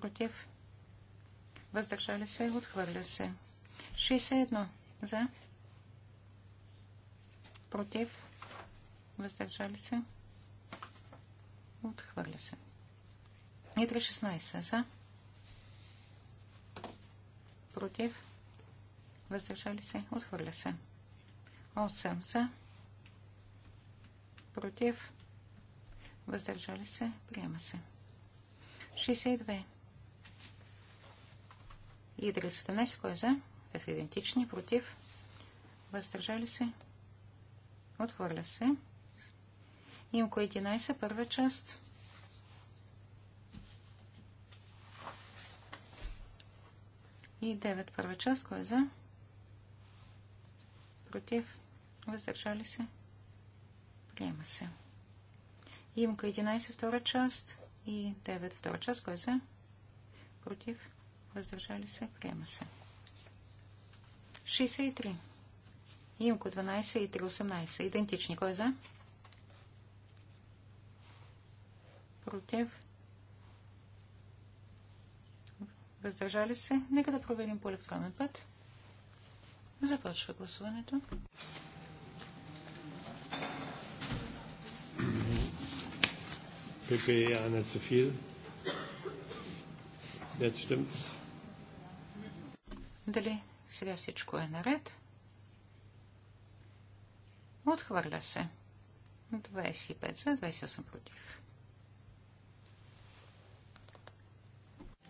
против, въздържали се, отхвърля се. 61 за, против, въздържали се, Отхвърля се. Итра 16 за. Против. Въздържали се. Отхвърля се. 8 за. Против. Въздържали се. Приема се. 62. Идри 17. Кой е за? Те са идентични. Против. Въздържали се. Отхвърля се. Имко 11, първа част. И 9, първа част. Кой е за? Против? Въздържали се? Приема се. Имка 11, втора част. И 9, втора част. Кой е за? Против? Въздържали се? Приема се. 63. Имко 12 и 3, 18. Идентични. Кой е за? против, въздържали се. Нека да проверим по електронен път. Започва гласуването. ПП Anna Цефил. Дали сега всичко е наред? Отхвърля се. 25 за, 28 против.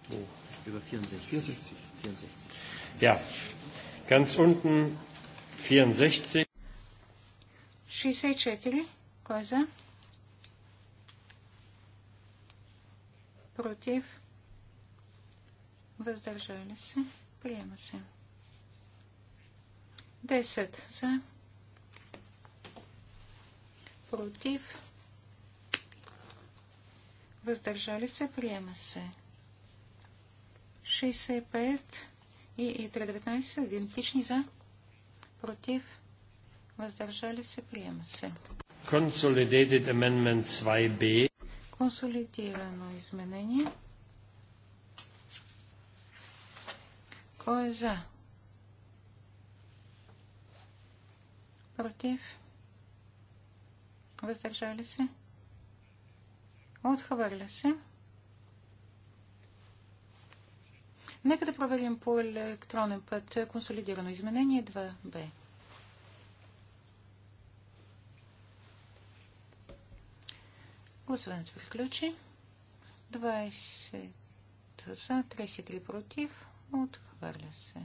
Wo? Über 64. 64. 64. Ja, ganz unten 64. 64. Кой е за? Против. Въздържали се. Приема се. 10 за. Против. Въздържали се. Приема се. 65 и 19 са идентични за, против, въздържали се, приема се. Consolidated 2B. Консолидирано изменение. Кой е за? Против? Въздържали се? Отхвърля се. Нека да проверим по електронен път консолидирано изменение 2b. Гласуването приключи. 20 за, 33 против. Отхвърля се.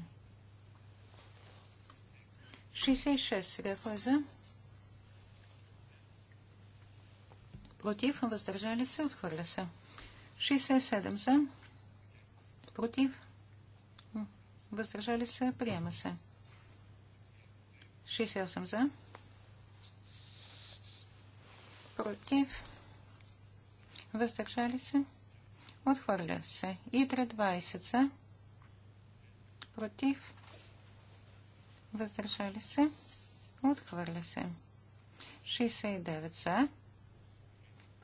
66 сега кой е за? Против, въздържали се, отхвърля се. 67 за, против, въздържали се, приема се. 68 за, против, въздържали се, отхвърля се. Идра 20 за, против, въздържали се, отхвърля се. 69 за,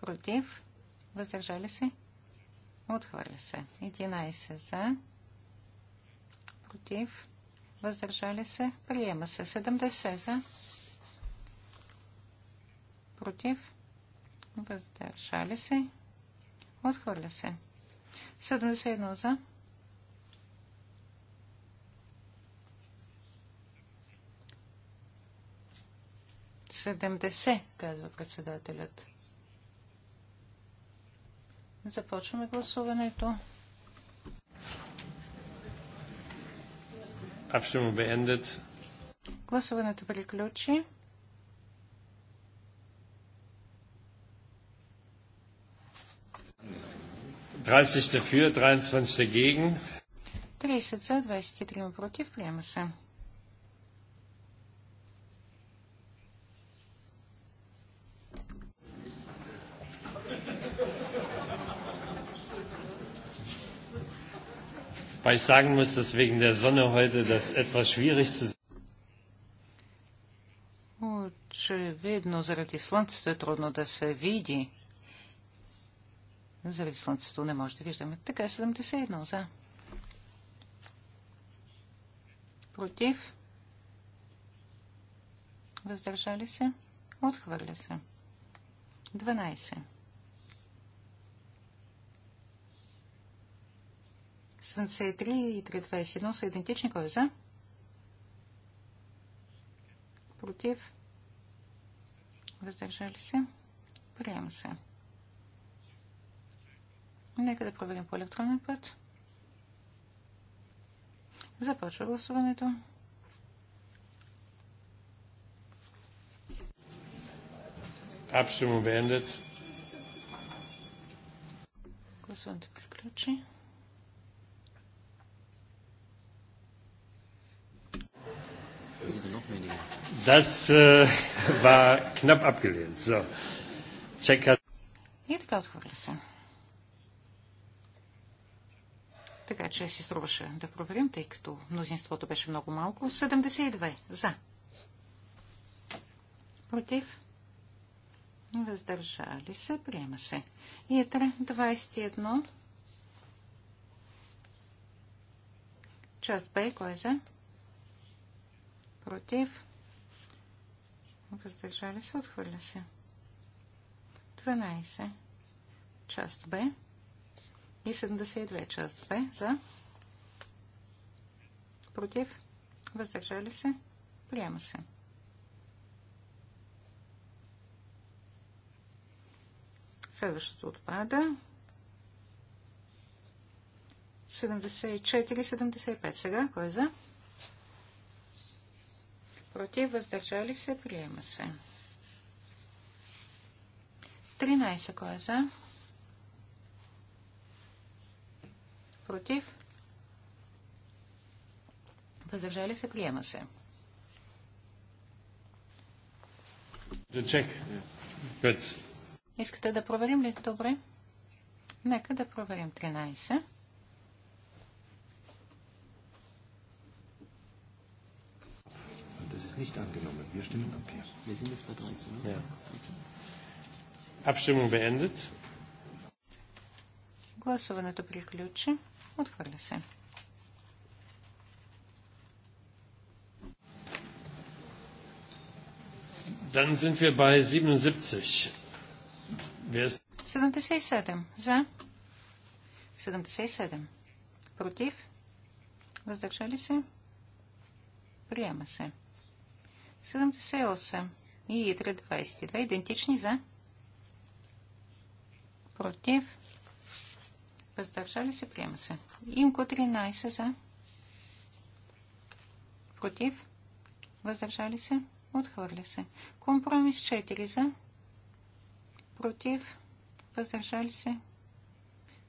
против, въздържали се, отхвърля се. 11 за, против, въздържали се, приема се. 70 за, против, въздържали се, отхвърля се. 71 за, Седемдесет, казва председателят. Започваме гласуването. Abstimmung beendet. Гласуването приключи. Dafür, 23 dagegen. 30 за, 23 против. Приема се. Wobei ich sagen muss, dass wegen der Sonne heute das etwas schwierig zu Очевидно, заради слънцето е трудно да се види. Заради слънцето не може да виждаме. Така, е 71 за. Против. Въздържали се. Отхвърля се. 12. 73 и 321 са идентични. Кой е за? Против? Въздържали се? Приема се. Нека да проверим по електронен път. Започва гласуването. Абсолютно бендет. Гласуването приключи. Das äh, war knapp abgelehnt. So. Check hat... И така отхвърля се. Така че си струваше да проверим, тъй като мнозинството беше много малко. 72 за. Против. Въздържали се. Приема се. Итре е 21. Част Б. Кой е за? против, въздържали се, отхвърля се. 12. Част Б и 72. Част Б за против, въздържали се, приема се. Следващото отпада. 74-75. Сега кой е за? против, въздържали се, приема се. 13. Кой е за? Против? Въздържали се, приема се. Искате да проверим ли? Добре. Нека да проверим 13. nicht angenommen. Wir stimmen ab hier. Wir sind jetzt bei 13, oder? Ja. Abstimmung beendet. Гласуването приключи. Отхвърля се. Dann sind wir bei 77. Wer ist 77. За. 77. Против. Въздържали се. Приема се. 78 и Идре 22. Идентични за. Против. Въздържали се. Приема се. Имко 13 за. Против. Въздържали се. Отхвърля се. Компромис 4 за. Против. Въздържали се.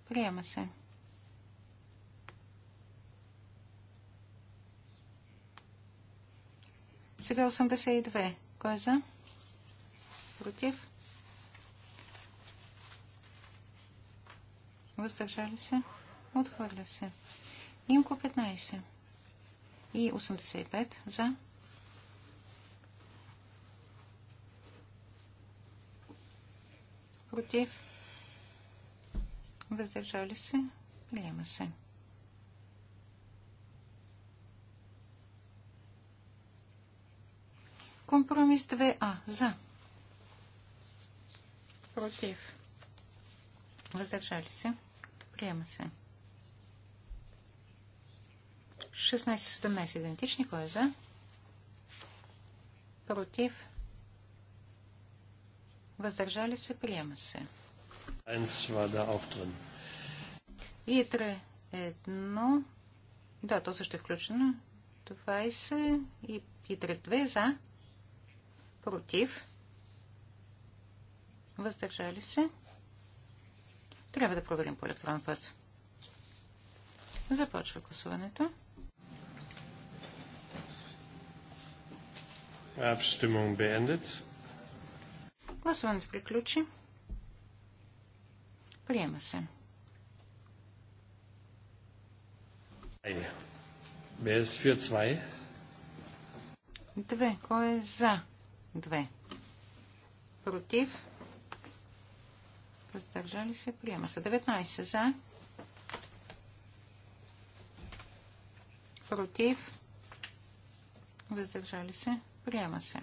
Приема се. Сега 82. Кой е за? Против? Въздържали се? Отхвърля се. Имко 15. И 85 за. Против? Въздържали се? Приема се. Компромис 2А. За. Против. Въздържали се. Приема се. 16-17 идентични. Кой е за? Против. Въздържали се. Приема се. И 3. Едно. Да, то също е включено. 20 и, и 3-2 за против, въздържали се. Трябва да проверим по електронен път. Започва гласуването. Abstimmung беендит. Гласуването приключи. Приема се. Без ist Две. Кой е за? 2. Против. Въздържали се. Приема се. 19 за. Против. Въздържали се. Приема се.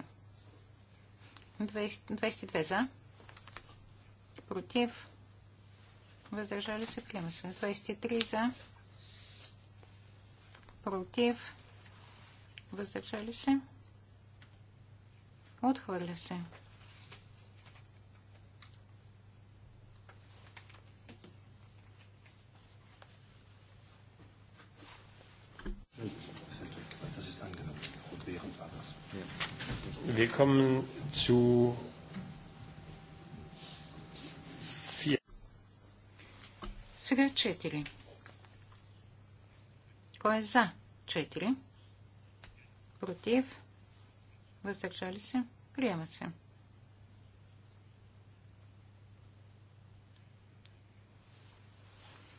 22 за. Против. Въздържали се. Приема се. 23 за. Против. Въздържали се. Отхвърля се. Wir kommen Сега четири. Кой е за четири? Против? въздържали се, приема се.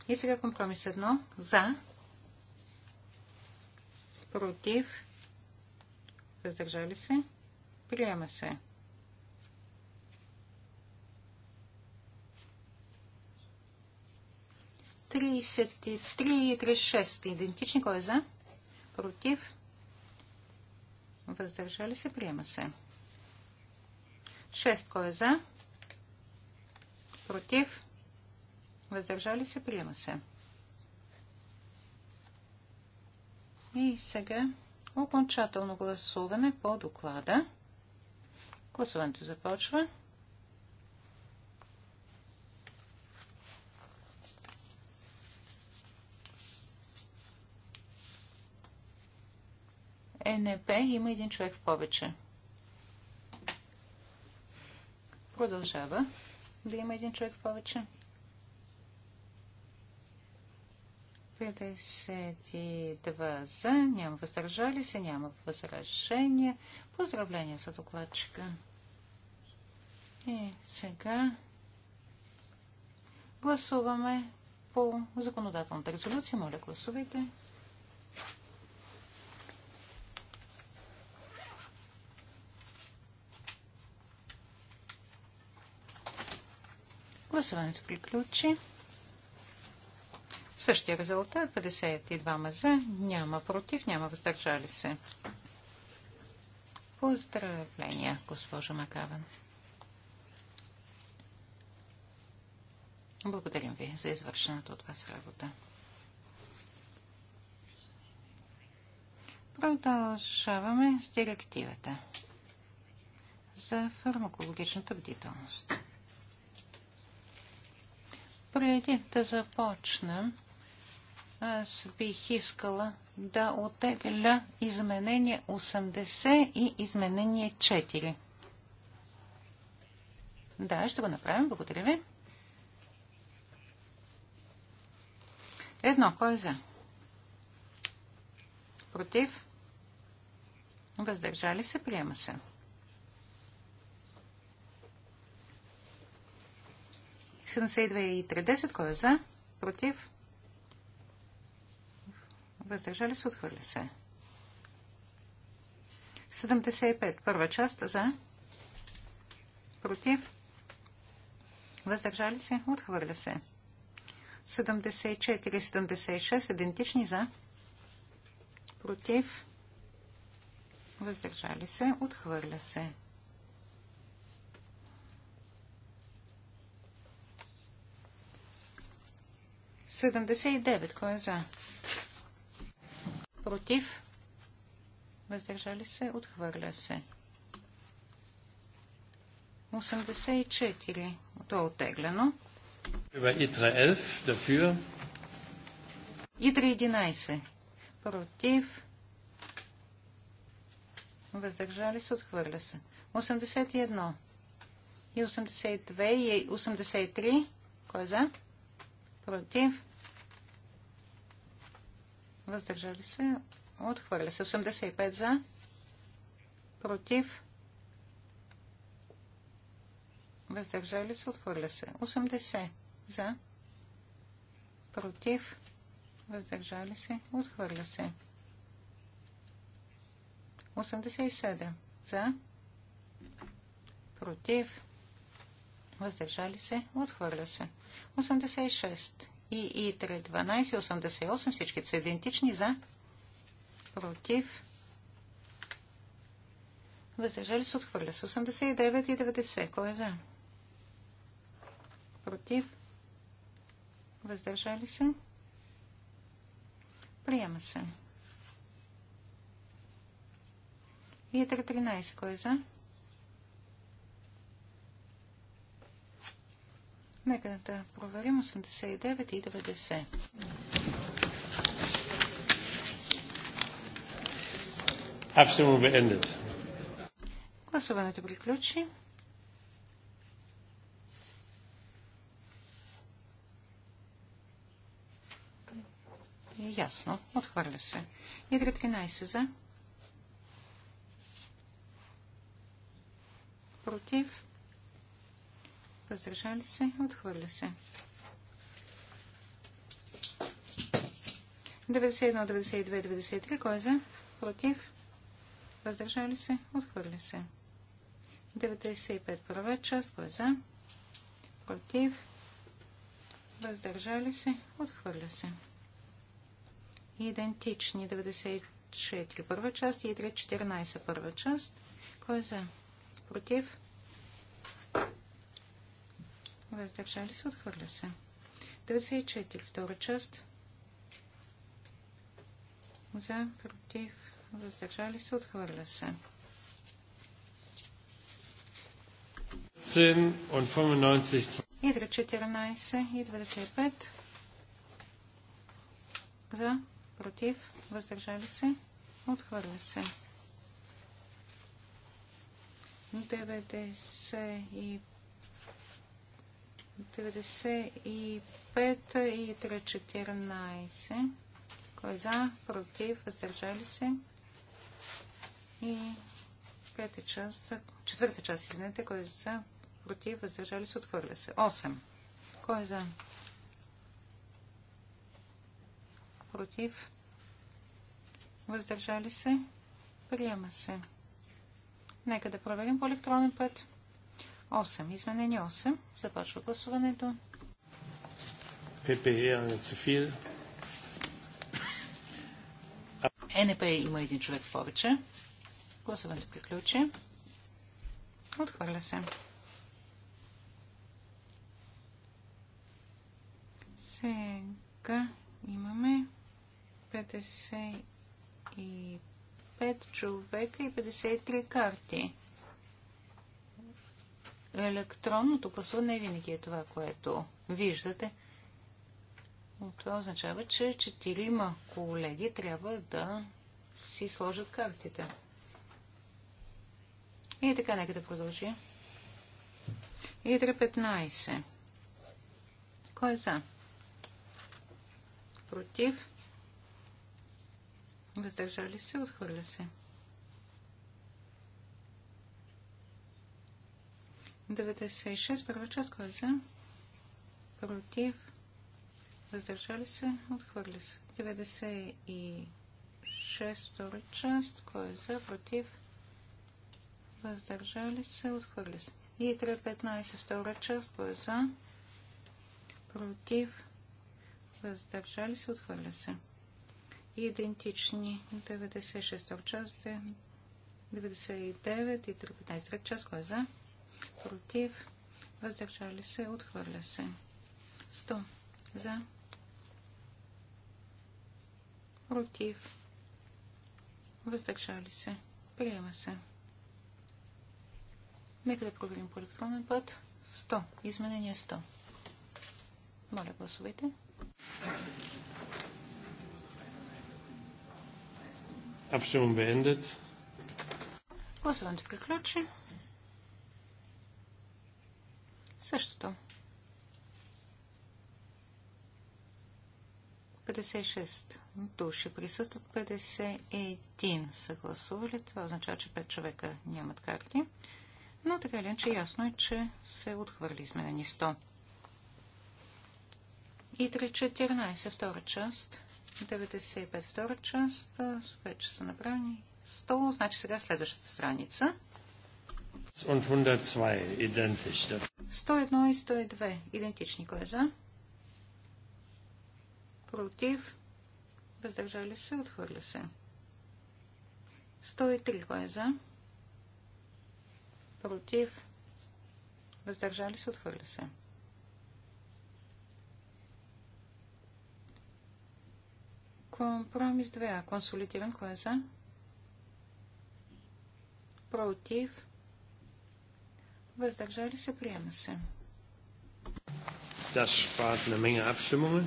И сега компромис едно. За. Против. Въздържали се. Приема се. Тридесет и три и тридесет шест. Идентични. Кой е за? Против въздържали се, приема се. 6. Кой е за? Против? Въздържали се? Приема се. И сега окончателно гласуване по доклада. Гласуването започва. ЕНП има един човек в повече. Продължава да има един човек в повече. 52 за, няма въздържали се, няма възражения. Поздравления за докладчика. И сега гласуваме по законодателната резолюция. Моля, гласувайте. Гласуването приключи. Същия резултат 52 за, няма против, няма въздържали се. Поздравления, госпожо Макаван. Благодарим ви за извършената от вас работа. Продължаваме с директивата за фармакологичната бдителност. Преди да започна, аз бих искала да отегля изменение 80 и изменение 4. Да, ще го направим. Благодаря ви. Едно. Кой е за? Против? Въздържали се? Приема се. 72 и 30. Кой е за? Против? Въздържали се? Отхвърля се. 75. Първа част за. Против? Въздържали се? Отхвърля се. 74 и 76 идентични за. Против? Въздържали се? Отхвърля се. 79. Кой е за? Против? Въздържали се? Отхвърля се. 84. То е оттеглено. Итра 11. Итра 11. Против? Въздържали се? Отхвърля се. 81. И 82 и 83. Кой е за? Против? въздържали се, отхвърля се. 85 за, против, въздържали се, отхвърля се. 80 за, против, въздържали се, отхвърля се. 87 за, против, въздържали се, отхвърля се. 86 и ИТРЕ 1288. Всичките са идентични за, против, въздържали се, отхвърля с 89 и 90. Кой е за? Против, въздържали се, приема се. И 13. Кой е за? Нека да проверим 89 и 90. Abstimmung beendet. Гласуването приключи. Ясно, отхвърля се. И 13 за. Против въздържали се, отхвърля се. 91, 92, 93. Кой е за? Против? Въздържали се? отхвърля се. 95. Първа част. Кой е за? Против? Въздържали се? Отхвърля се. Идентични. 94. Първа част и 3, 14. Първа част. Кой е за? Против? въздържали се, отхвърля се. 94, е втора част. За, против, въздържали се, отхвърля се. 10 и 14 и 25 за, против, въздържали се, отхвърля се. 95 95 и 3.14. Кой е за, против, въздържали се. И пета част, четвърта част, извинете, кой е за, против, въздържали се, отхвърля се. 8. Кой е за? Против, въздържали се, приема се. Нека да проверим по електронен път. 8. Изменени 8. Започва гласуването. ППЕ е, Цефир. Е, НП има един човек повече. Гласуването приключи. Отхвърля се. Сега имаме 55 човека и 53 карти електронното гласуване винаги е това, което виждате. Но това означава, че четирима колеги трябва да си сложат картите. И така, нека да продължи. Идра 15. Кой е за? Против? Въздържали се? Отхвърля се. 96, първа част, кой е за? Против. Въздържали се, отхвърли се. 96, втора част, кой е за? Против. Въздържали се, отхвърли се. И 3.15, втора част, кой е за? Против. Въздържали се, отхвърля се. Идентични 96 част, 99 и 3.15 част, кой е за? против, въздържали се, отхвърля се. 100 за, против, въздържали се, приема се. Нека да проверим по електронен път. 100. Изменение 100. Моля, гласувайте. Abstimmung beendet. Гласуването приключи. Същото. 56 души присъстват 51 са гласували. Това означава, че 5 човека нямат карти. Но така ли, че ясно е, че се отхвърли изменени 100. И 14, втора част. 95 втора част. Вече са направени 100. Значи сега следващата страница. 102 идентична. 101 и 102. Идентични. Кой е за? Против. Въздържали се. Отхвърля се. 103. Кой е за? Против. Въздържали се. Отхвърля се. 2. Компромис 2. Консолидиран. Кой е за? Против въздържали се, приема се. Das spart eine Menge Abstimmungen.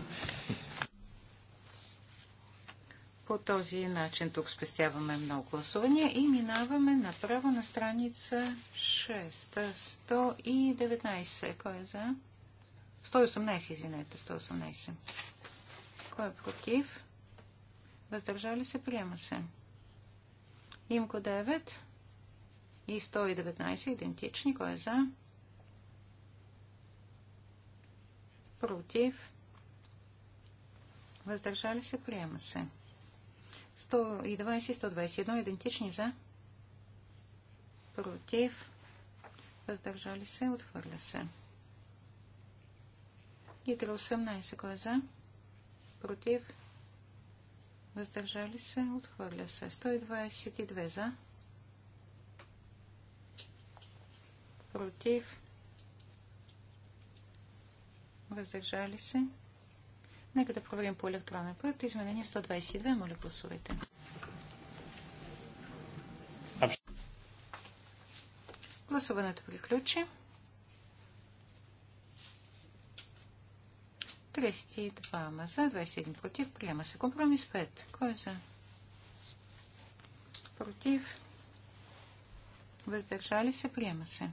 По този начин тук спестяваме много гласувания и минаваме направо на страница 6. 119. Кой е за? 118, извинете. 118. Кой е против? Въздържали се, приема се. Имко 9 и 119 идентични. Кой е за? Против. Въздържали се. Приема се. 120 и 121 идентични за. Против. Въздържали се. Отхвърля се. И 318. Кой е за? Против. Въздържали се. Отхвърля се. 122 за. против, въздържали се. Нека да проверим по електронен път. Изменение 122. Моля, гласувайте. Гласуването приключи. 32 за, 21 против. Приема се компромис 5. Кой е за? Против. Въздържали се. Приема се.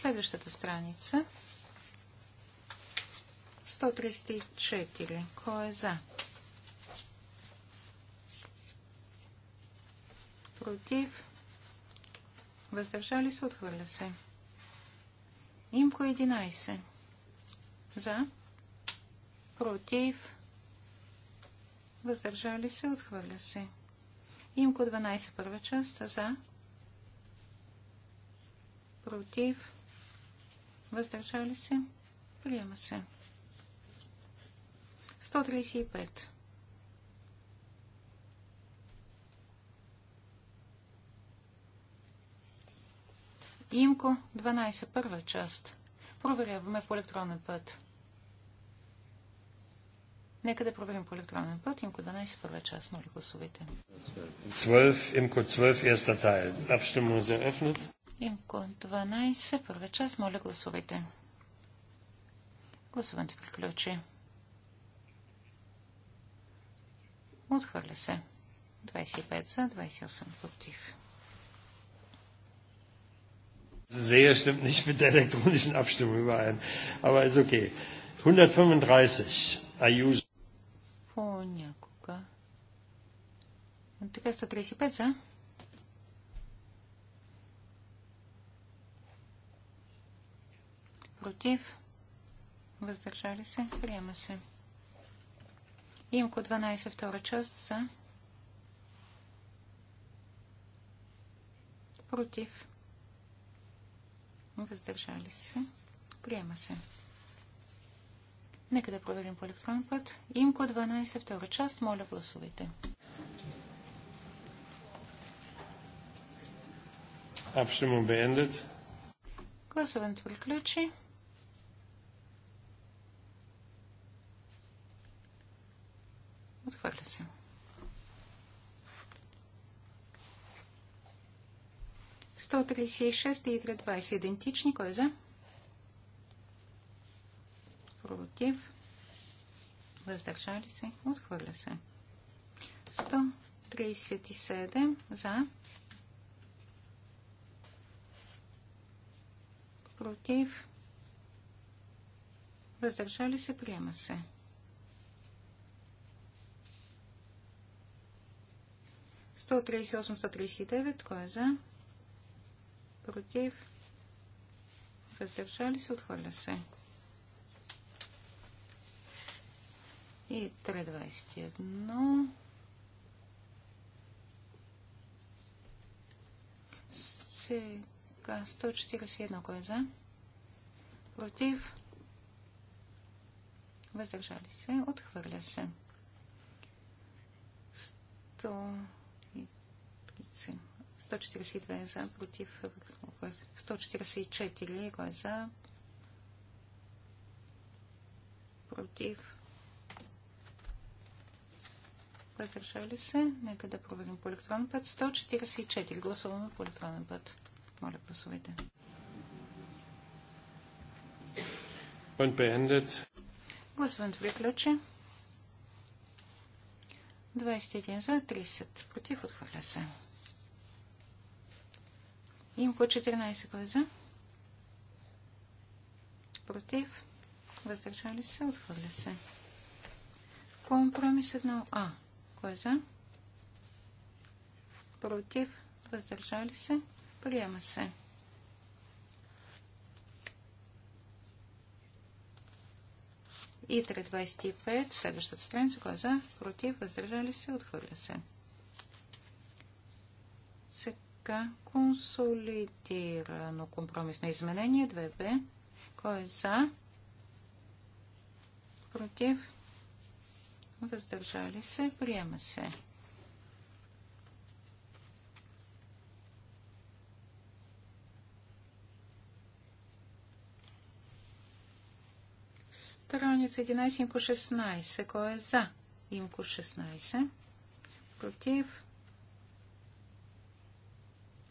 Следващата страница. 134. Кой е за? Против. Въздържали се, отхвърля се. Имко 11. За. Против. Въздържали се, отхвърля се. Имко 12, първа част. За. Против. Въздържали се. Приема се. 135. Имко 12, първа част. Проверяваме по електронен път. Нека да проверим по електронен път. Имко 12, първа част. Моля, гласувайте. 12, имко 12, ерста тайл. Abstimmung ist Имко 12, първа част. Моля, гласувайте. Гласуването приключи. Отхвърля се. 25 за, 28 против. Sehe stimmt nicht mit der elektronischen Abstimmung überein. Aber ist okay. 135. Ayuso. Понякога. Така 35, за. против, въздържали се, приема се. Имко 12, втора част за, против, въздържали се, приема се. Нека да проверим по електронен път. Имко 12, втора част. Моля, гласувайте. Абстимум беендет. Гласуването приключи. Отхвърля се. Сто тридесет и шест и три двадесет идентични. Кой е за? Против. Въздържали се. Отхвърля се. 137 за. Против. Въздържали се. Приема се. 138-139. Кой е за? Против? Въздържали се? Отхвърля се. И 321. Сега 141. Кой е за? Против? Въздържали се? Отхвърля се. 100. 142 за, против, 144, кой е за, против, въздържали се. Нека да проверим по електронен път. 144. Гласуваме по електронен път. Моля, гласувайте. Гласуването приключи. 21 за, 30 против, отхвърля се. Имко 14 кой е за? Против. Въздържали се. Отхвърля се. Компромис 1А. Кой е за? Против. Въздържали се. Приема се. И 325, следващата страница, кой е за, против, въздържали се, отхвърля се. Така, консолидирано компромисно изменение 2b. Кой е за? Против? Въздържали се? Приема се. Страница 11, имко 16. Кой е за? Имко 16. Против?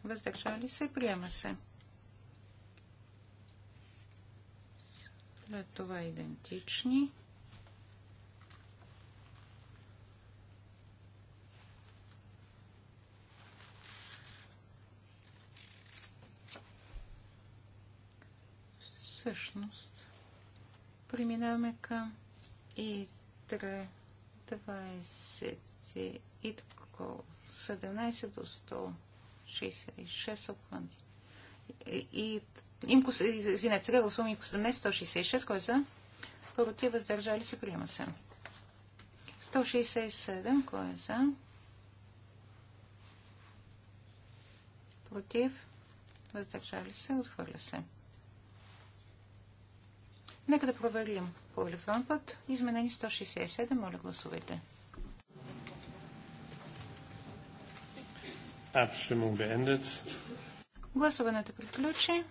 въздържали се, приема се. След това идентични. Всъщност, преминаваме към и 3, 20 и 17 до 100. 166 обхвани. И извинете, сега гласуваме имко 17, 166, кой е за? Против, въздържали се, приема се. 167, кой е за? Против, въздържали се, отхвърля се. Нека да проверим по електронен път. Изменени 167, моля гласувайте. Abstimmung beendet. Гласуването приключи.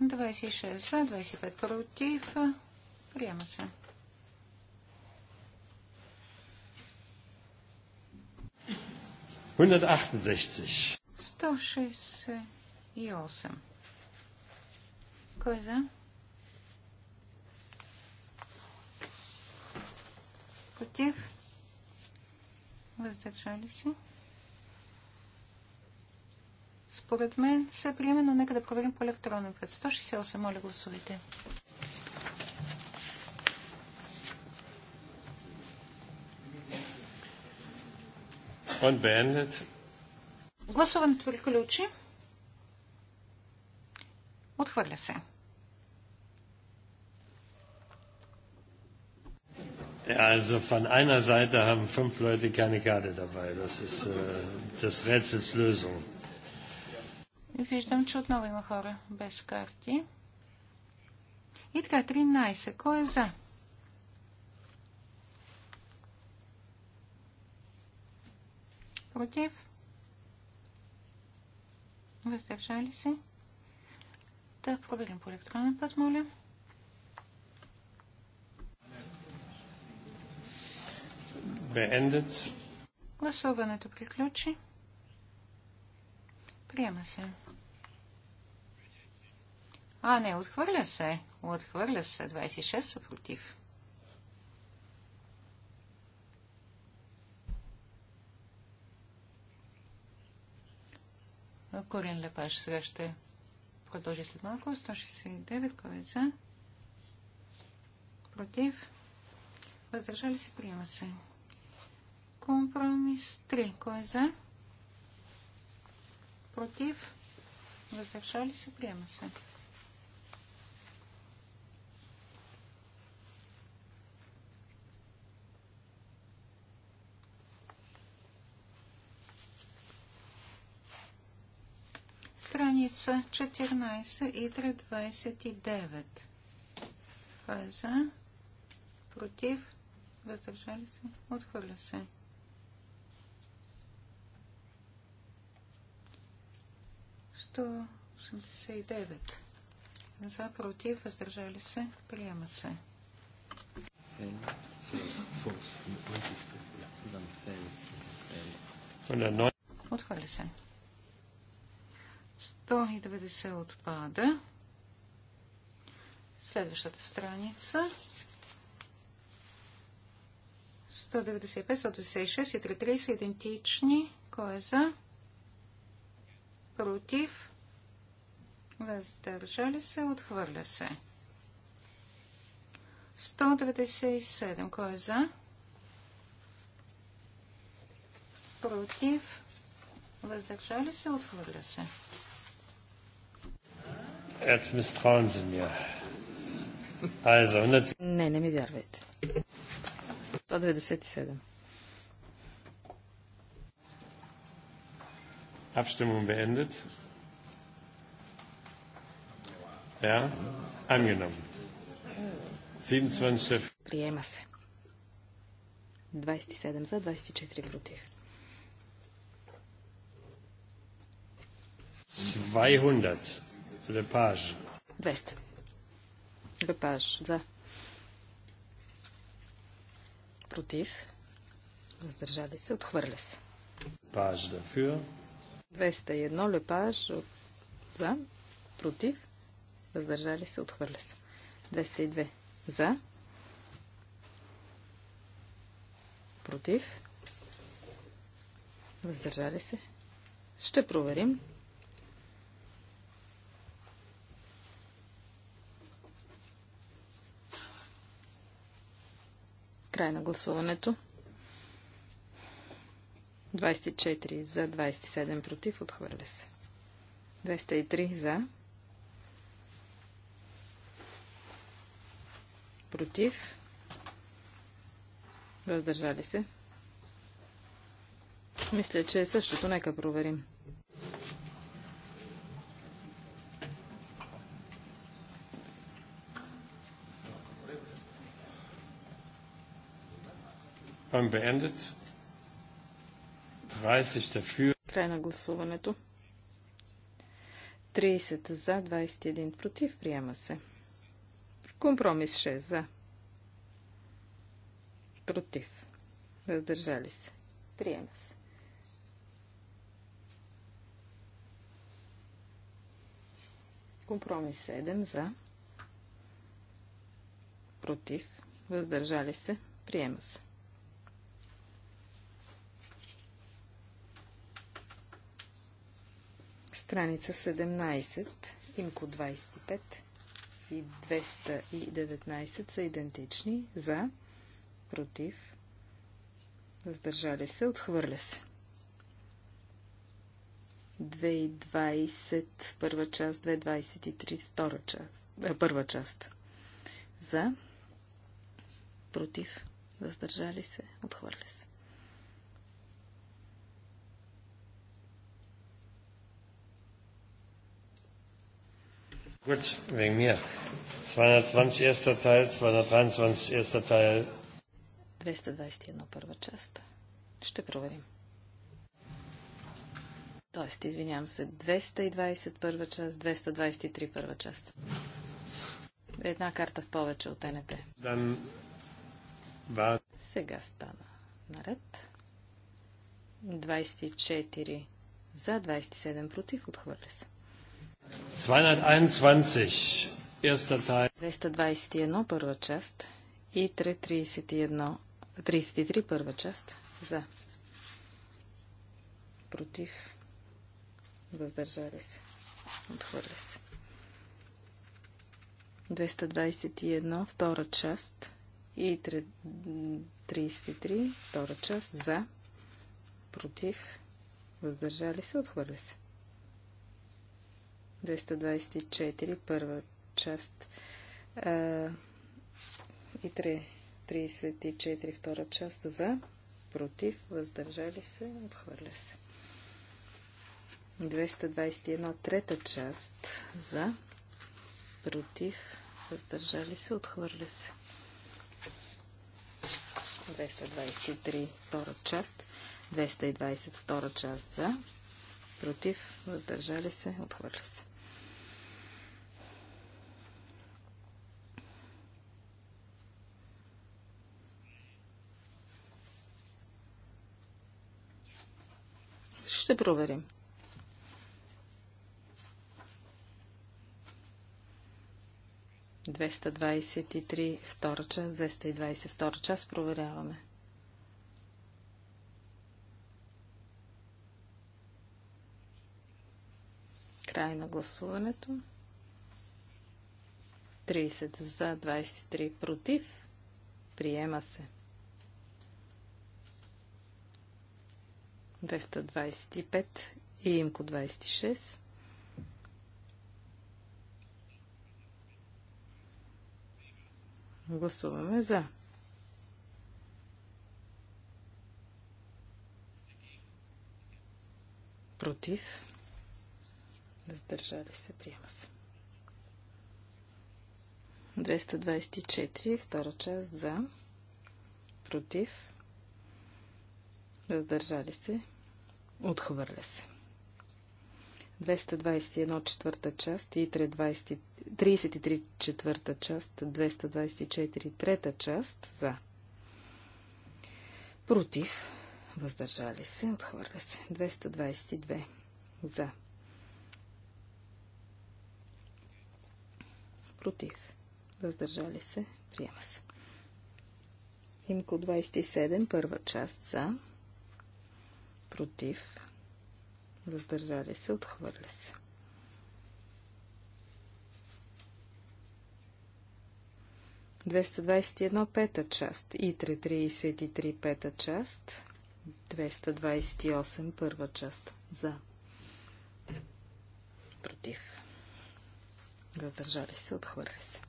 Двадесет шест за, двадесет пет против. Приема се. Сто шестдесет и осем. Кой е за? против, въздържали се. Според мен се приема, но нека да проверим по електронен пред. 168, моля гласувайте. Гласуването приключи. Отхвърля се. Ja, also von einer Seite haben fünf Leute keine Karte dabei. Das ist äh, das Rätsels Lösung. Виждам, че отново има хора без карти. И така, 13. Кой е за? Против? Въздържали се? Да проверим по електронен път, моля. 13. beendet. Гласуването приключи. Приема се. А, не, отхвърля се. Отхвърля се. 26 са против. Корен Лепаш сега ще продължи след малко. 169, кой е за? Против. Въздържали се, приема се. Компромис 3. Кой е за? Против? Въздържали се? Приема се. Страница 14 и 329. Кой е за? Против? Въздържали се? Отхвърля се. 189 за, против, въздържали се, приема се. Отхвали се. 190 отпада. Следващата страница. 195, 196 и 330 идентични. Кой е за? против, въздържали се, отхвърля се. 197. Кой е за? Против, въздържали се, отхвърля се. Не, не ми вярвайте. 197. Abstimmung beendet. Ja, angenommen. 27 Приема се. за, 24 против. 200. Lepage. 200. Лепаж за. Против. Въздържали се. Отхвърля се. Лепаж дафюр. 201 Лепаж от... за, против, въздържали се, отхвърля се. 202 за, против, въздържали се. Ще проверим. Край на гласуването. 24 за, 27 против, отхвърля се. 203 за, против, въздържали се. Мисля, че е същото. Нека проверим. I'm beendet. Край на гласуването. 30 за, 21 против. Приема се. Компромис 6 за. Против. Въздържали се. Приема се. Компромис 7 за. Против. Въздържали се. Приема се. Страница 17, имко 25 и 219 са идентични. За, против, въздържали се, отхвърля се. 220, първа част, 223, втора част, първа част. За, против, въздържали се, отхвърля се. Gut, wegen mir. 220 erster Teil, 223 erster Teil. 221 първа част. Ще проверим. Тоест, извинявам се, 220 първа част, 223 първа част. Една карта в повече от НП. Сега стана наред. 24 за, 27 против, отхвърля се. 221, първа част. И 331, 33, първа част. За. Против. Въздържали се. Отхвърля се. 221, втора част. И 33, втора част. За. Против. Въздържали се. Отхвърля се. 224, първа част. И 3, 34, втора част. За, против, въздържали се, отхвърля се. 221, трета част. За, против, въздържали се, отхвърля се. 223, втора част. 220, втора част. За, против, въздържали се, отхвърля се. Ще проверим. Двеста двадесет и три втора час, двеста и двадесет втора част проверяваме. край на гласуването. 30 за, 23 против. Приема се. 225 и имко 26. Гласуваме за. Против. Въздържали се. Приема се. 224. Втора част за. Против. Въздържали се. Отхвърля се. 221 четвърта част и 33 четвърта част, 224 трета част за. Против. Въздържали се. Отхвърля се. 222 за. Против. Въздържали се. Приема се. Имко 27, първа част за против, въздържали се, отхвърля се. Двеста двадесет едно пета част и три тридесет и три пета част. 228 първа част за против. Въздържали се, отхвърля се.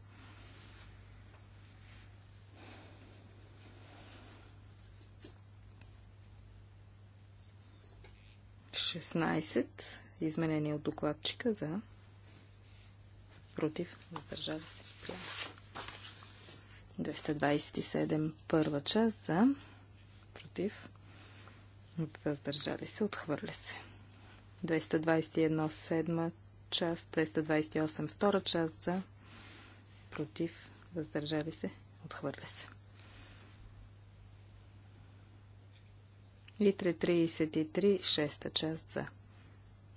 16. Изменение от докладчика за против, въздържали се, се. 227 първа част за против, въздържали се, отхвърля се. 221 седма част, 228 втора част за против, въздържали се, отхвърля се. Литре 33, шеста част за.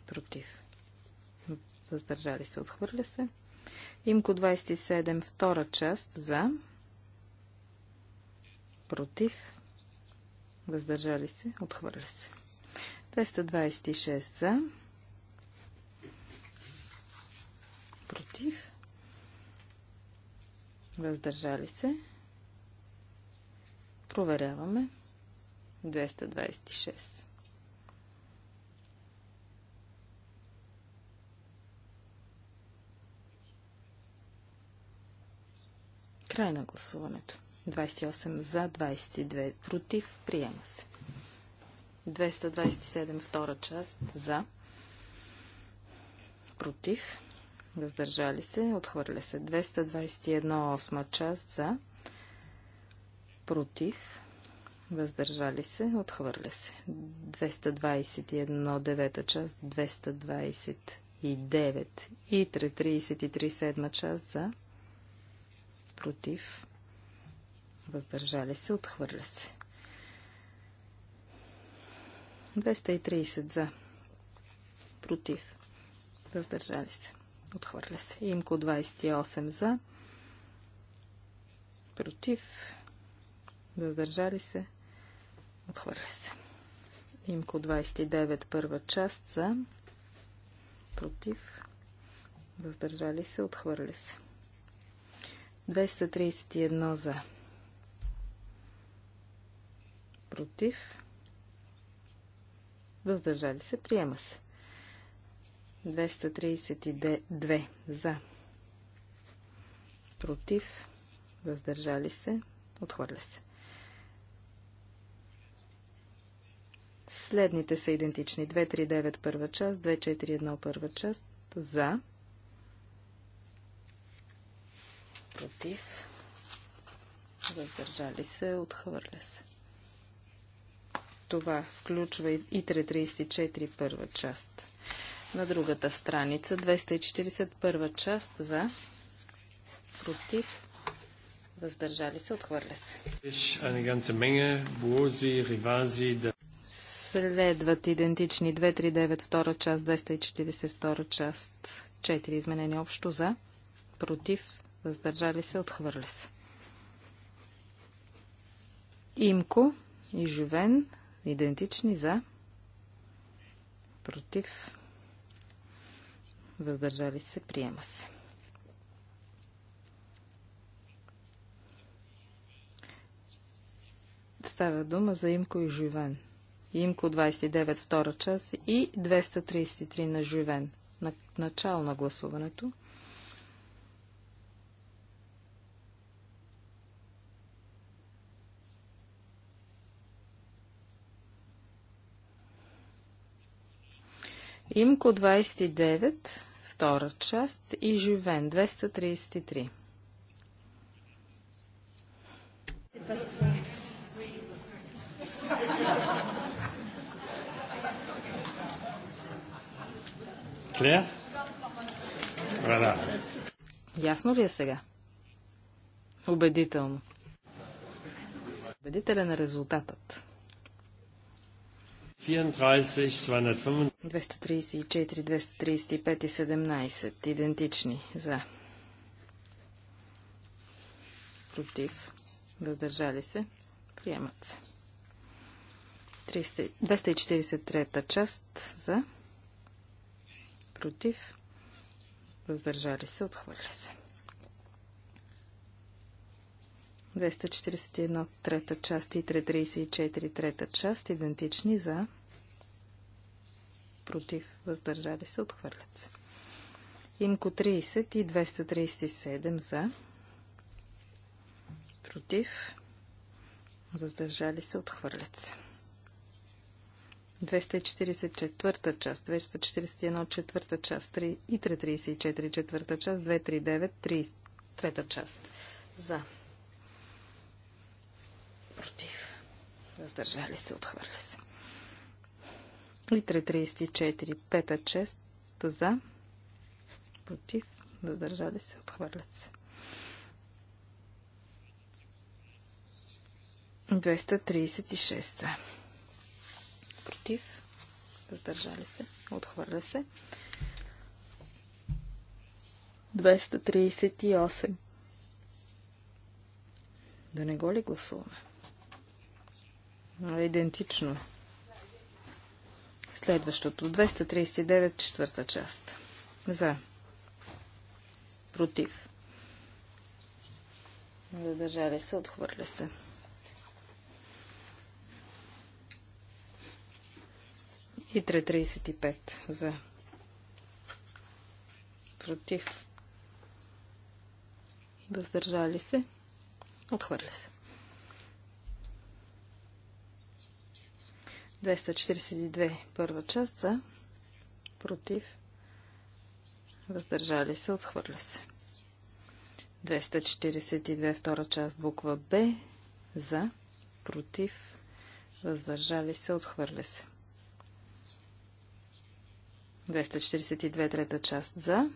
Против. Въздържали се, отхвърля се. Имко 27, втора част за. Против. Въздържали се, отхвърля се. 226 за. Против. Въздържали се. Проверяваме. 226. Край на гласуването. 28 за, 22 против. Приема се. 227 втора част за, против, въздържали се, отхвърля се. 221 осма част за, против, въздържали се, отхвърля се. 221 девета част, 229 и 33 седма част за, против, въздържали се, отхвърля се. 230 за, против, въздържали се, отхвърля се. Имко 28 за, против, въздържали се, Отхвърля се. Имко 29, първа част за, против, въздържали се, отхвърля се. 231 за, против, въздържали се, приема се. 232 за, против, въздържали се, отхвърля се. Следните са идентични. 239 първа част, 241 първа част, за, против, въздържали се, отхвърля се. Това включва и 334 първа част. На другата страница 240 първа част за, против, въздържали се, отхвърля се. Следват идентични 239 втора част, 240 втора част, 4 изменени общо за, против, въздържали се, отхвърли се. Имко и Жовен идентични за, против, въздържали се, приема се. Става дума за Имко и Живен. Имко 29, втора част и 233 на Живен. На, начало на гласуването. Имко 29, втора част и Живен 233. clair Voilà. Ясно ли е сега? Убедително. Убедителен е резултатът. 234, 235 и 17. Идентични. За. Против. Въздържали се. Приемат се. 243 част. За против, въздържали се, отхвърля се. 241 трета част и 334 трета част идентични за против, въздържали се, отхвърлят се. Имко 30 и 237 за против, въздържали се, отхвърлят се. 244 част, 241 четвърта част, 3 и 334 четвърта част, 239 3, трета част. За. Против. Въздържали се, отхвърля се. И 334 пета част. За. Против. Въздържали се, отхвърлят се. 236 против, въздържали се, отхвърля се. 238. Да не го ли гласуваме? Нали, Но е идентично. Следващото. 239, четвърта част. За. Против. Задържали се, отхвърля се. И 3.35 за. Против. Въздържали се. Отхвърля се. 242 първа част за. Против. Въздържали се. Отхвърля се. 242 втора част буква Б за. Против. Въздържали се. Отхвърля се. 243 242 трета част за.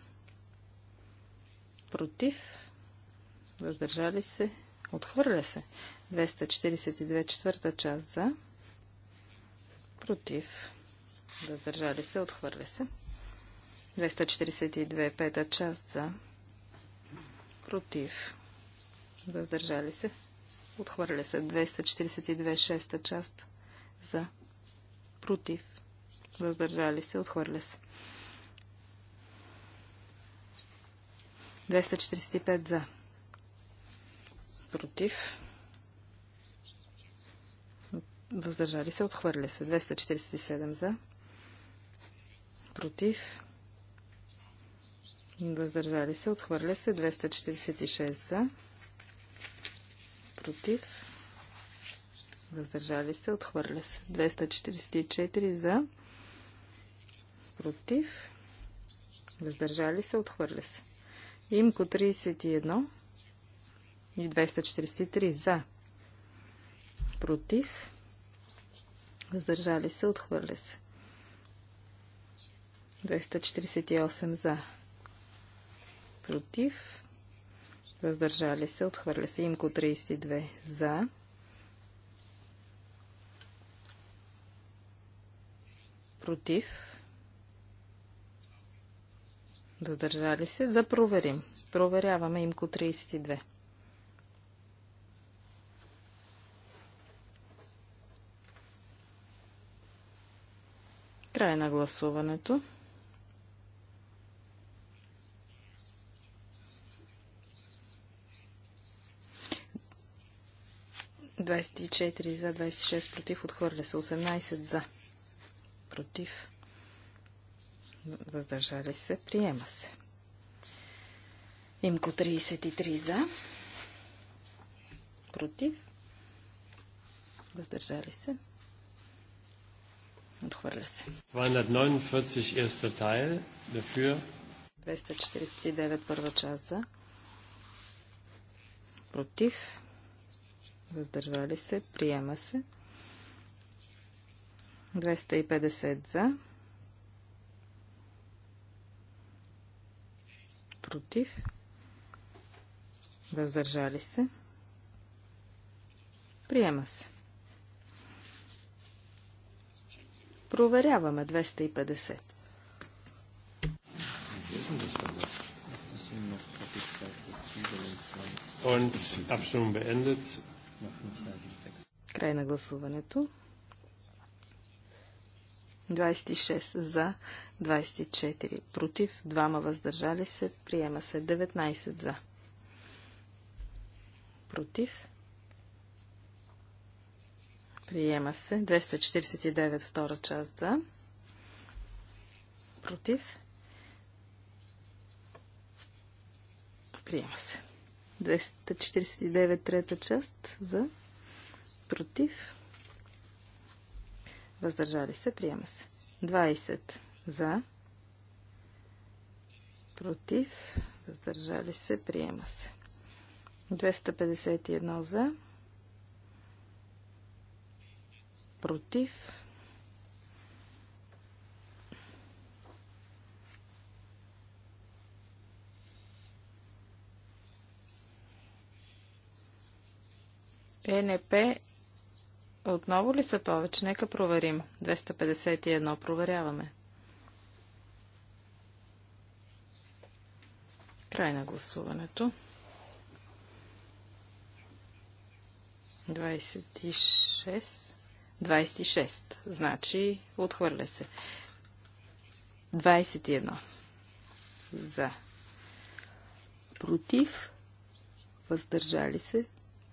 Против. Въздържали се. Отхвърля се. 242 четвърта част за. Против. Въздържали се. Отхвърля се. 242 пета част за. Против. Въздържали се. Отхвърля се. 242 шеста част за. Против въздържали се, отхвърля се. 245 за. Против. Въздържали се, отхвърля се. 247 за. Против. Въздържали се, отхвърля се. 246 за. Против. Въздържали се, отхвърля се. 244 за против, въздържали се, отхвърля се. Имко 31 и 243 за, против, въздържали се, отхвърля се. 248 за, против, въздържали се, отхвърля се. Имко 32 за, против, Задържали се, да проверим. Проверяваме имко 32. Край на гласуването. Двадесет за, 26 против, отхвърля се, 18 за, против въздържали се, приема се. Имко 33 за, против, въздържали се. Отхвърля се. 249 ерста тайл. dafür. 249 първа част за. Против. Въздържали се. Приема се. 250 за. против, въздържали се, приема се. Проверяваме 250. Край на гласуването. 26 за, 24 против, 2 въздържали се, приема се 19 за. Против. Приема се 249 втора част за. Против. Приема се. 249 трета част за. Против. Въздържали се. Приема се. 20 за. Против. Въздържали се. Приема се. 251 за. Против. ЕНП отново ли са повече? Нека проверим. 251 проверяваме. Край на гласуването. 26. 26. Значи отхвърля се. 21. За. Против. Въздържали се.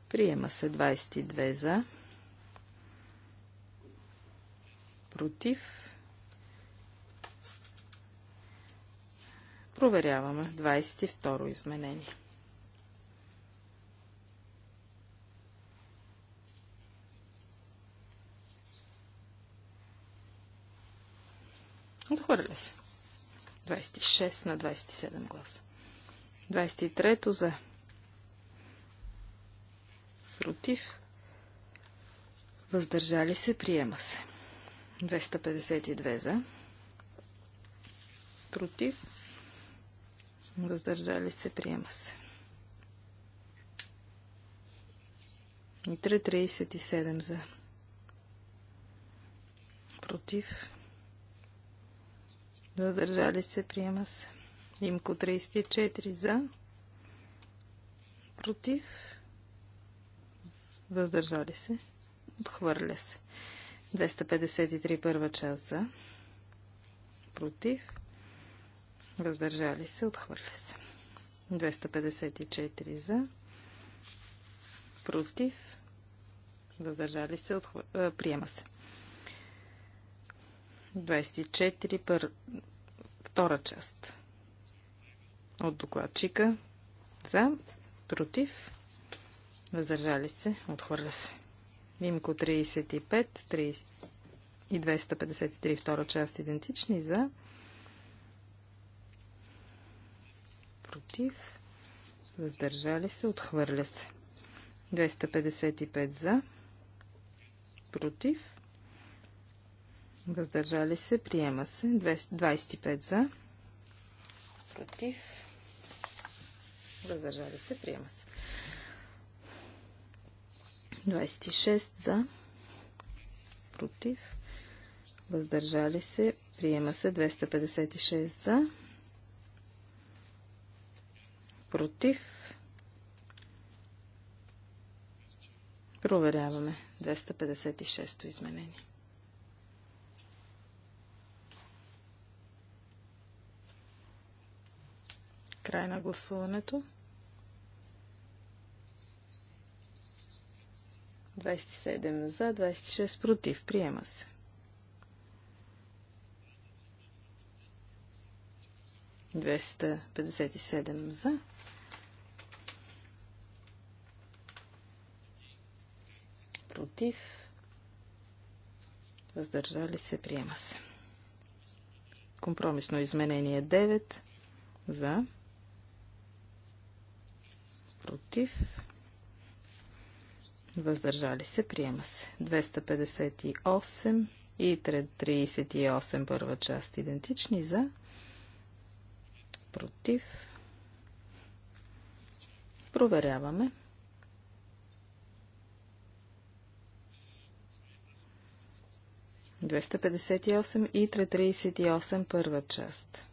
Приема се 22 за. против. Проверяваме 22-ро изменение. Отхвърля се. 26 на 27 гласа. 23-то за. Против. Въздържали се, приема се. 252 за. Против. Въздържали се. Приема се. И 337 за. Против. Въздържали се. Приема се. Имко 34 за. Против. Въздържали се. Отхвърля се. 253 първа част за. Против. Въздържали се. Отхвърля се. 254 за. Против. Въздържали се. Отхвър... Приема се. 24 пър... втора част. От докладчика. За. Против. Въздържали се. Отхвърля се. Мимко 35 3 и 253 втора част идентични за против въздържали се, отхвърля се. 255 за против въздържали се, приема се. 25 за против въздържали се, приема се. 26 за, против, въздържали се, приема се 256 за, против, проверяваме 256-то изменение. Край на гласуването. 27 за, 26 против. Приема се. Двеста за. Против. Въздържали се. Приема се. Компромисно изменение 9 за. Против въздържали се, приема се. 258 и 38 първа част идентични за, против. Проверяваме. Двеста и осем първа част.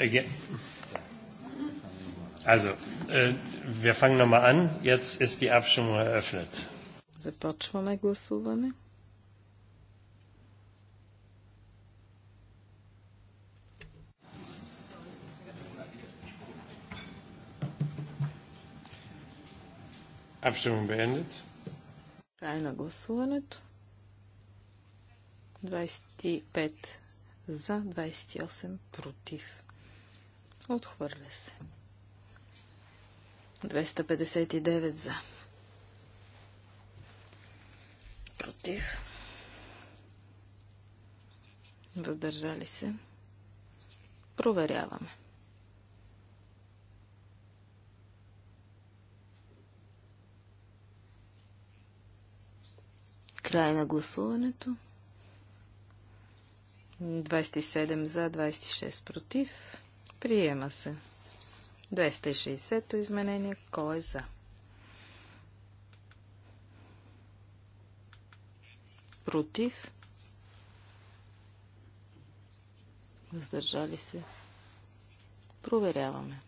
again. Also, äh, wir fangen nochmal an. Jetzt ist die Abstimmung eröffnet. Започваме гласуване. Abstimmung beendet. Край на гласуването. 25 за, 28 против. Отхвърля се. 259 за. Против. Въздържали се. Проверяваме. Край на гласуването. 27 за, 26 против. Приема се. 260-то изменение. Кой е за? Против? Въздържали се? Проверяваме.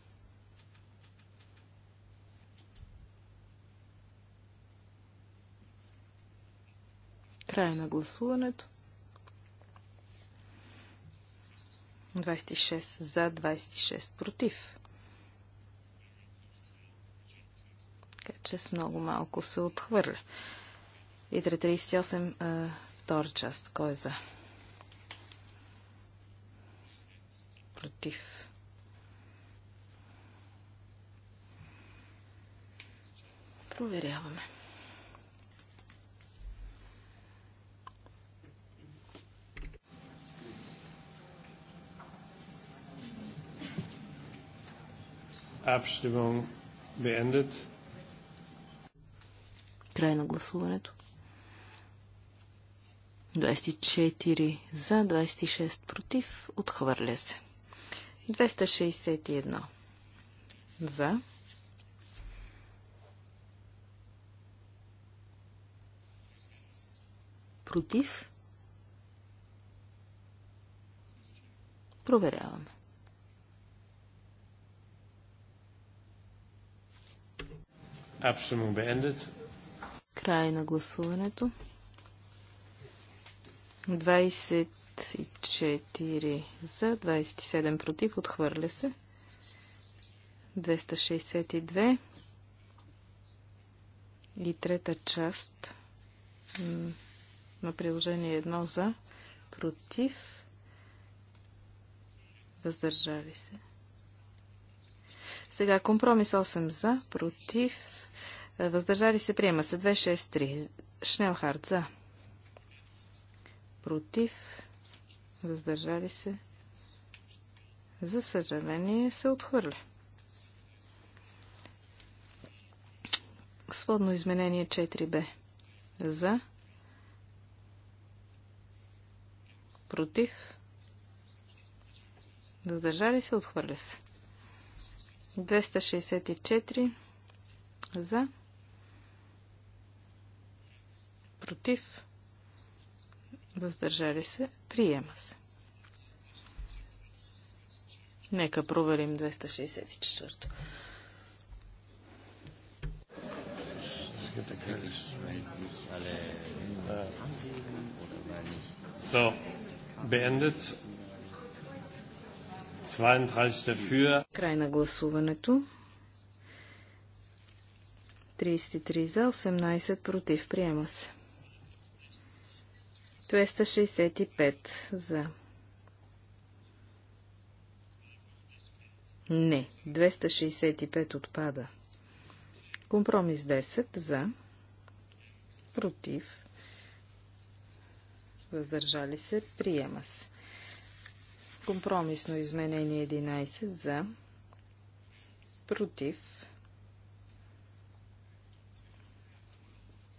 Край на гласуването. 26 за, 26 против. Така че с много малко се отхвърля. И 38 втора част. Кой е за? Против. Проверяваме. Abstimmung beendet. Край на гласуването. 24 за, 26 против. Отхвърля се. 261 за. Против. Проверяваме. beendet. Край на гласуването. 24 за, 27 против, отхвърля се. 262 и трета част на приложение 1 за, против, въздържали се. Сега компромис 8 за, против, е, въздържали се, приема се 263. Шнелхард за, против, въздържали се. За съжаление се отхвърля. Сводно изменение 4b. За. Против. Въздържали се, отхвърля се. 264 за, против, въздържали се, приема се. Нека проверим 264 So, beendet Край на гласуването. 33 за, 18 против. Приема се. 265 за. Не. 265 отпада. Компромис 10 за. Против. Въздържали се. Приема се. Компромисно изменение 11 за, против,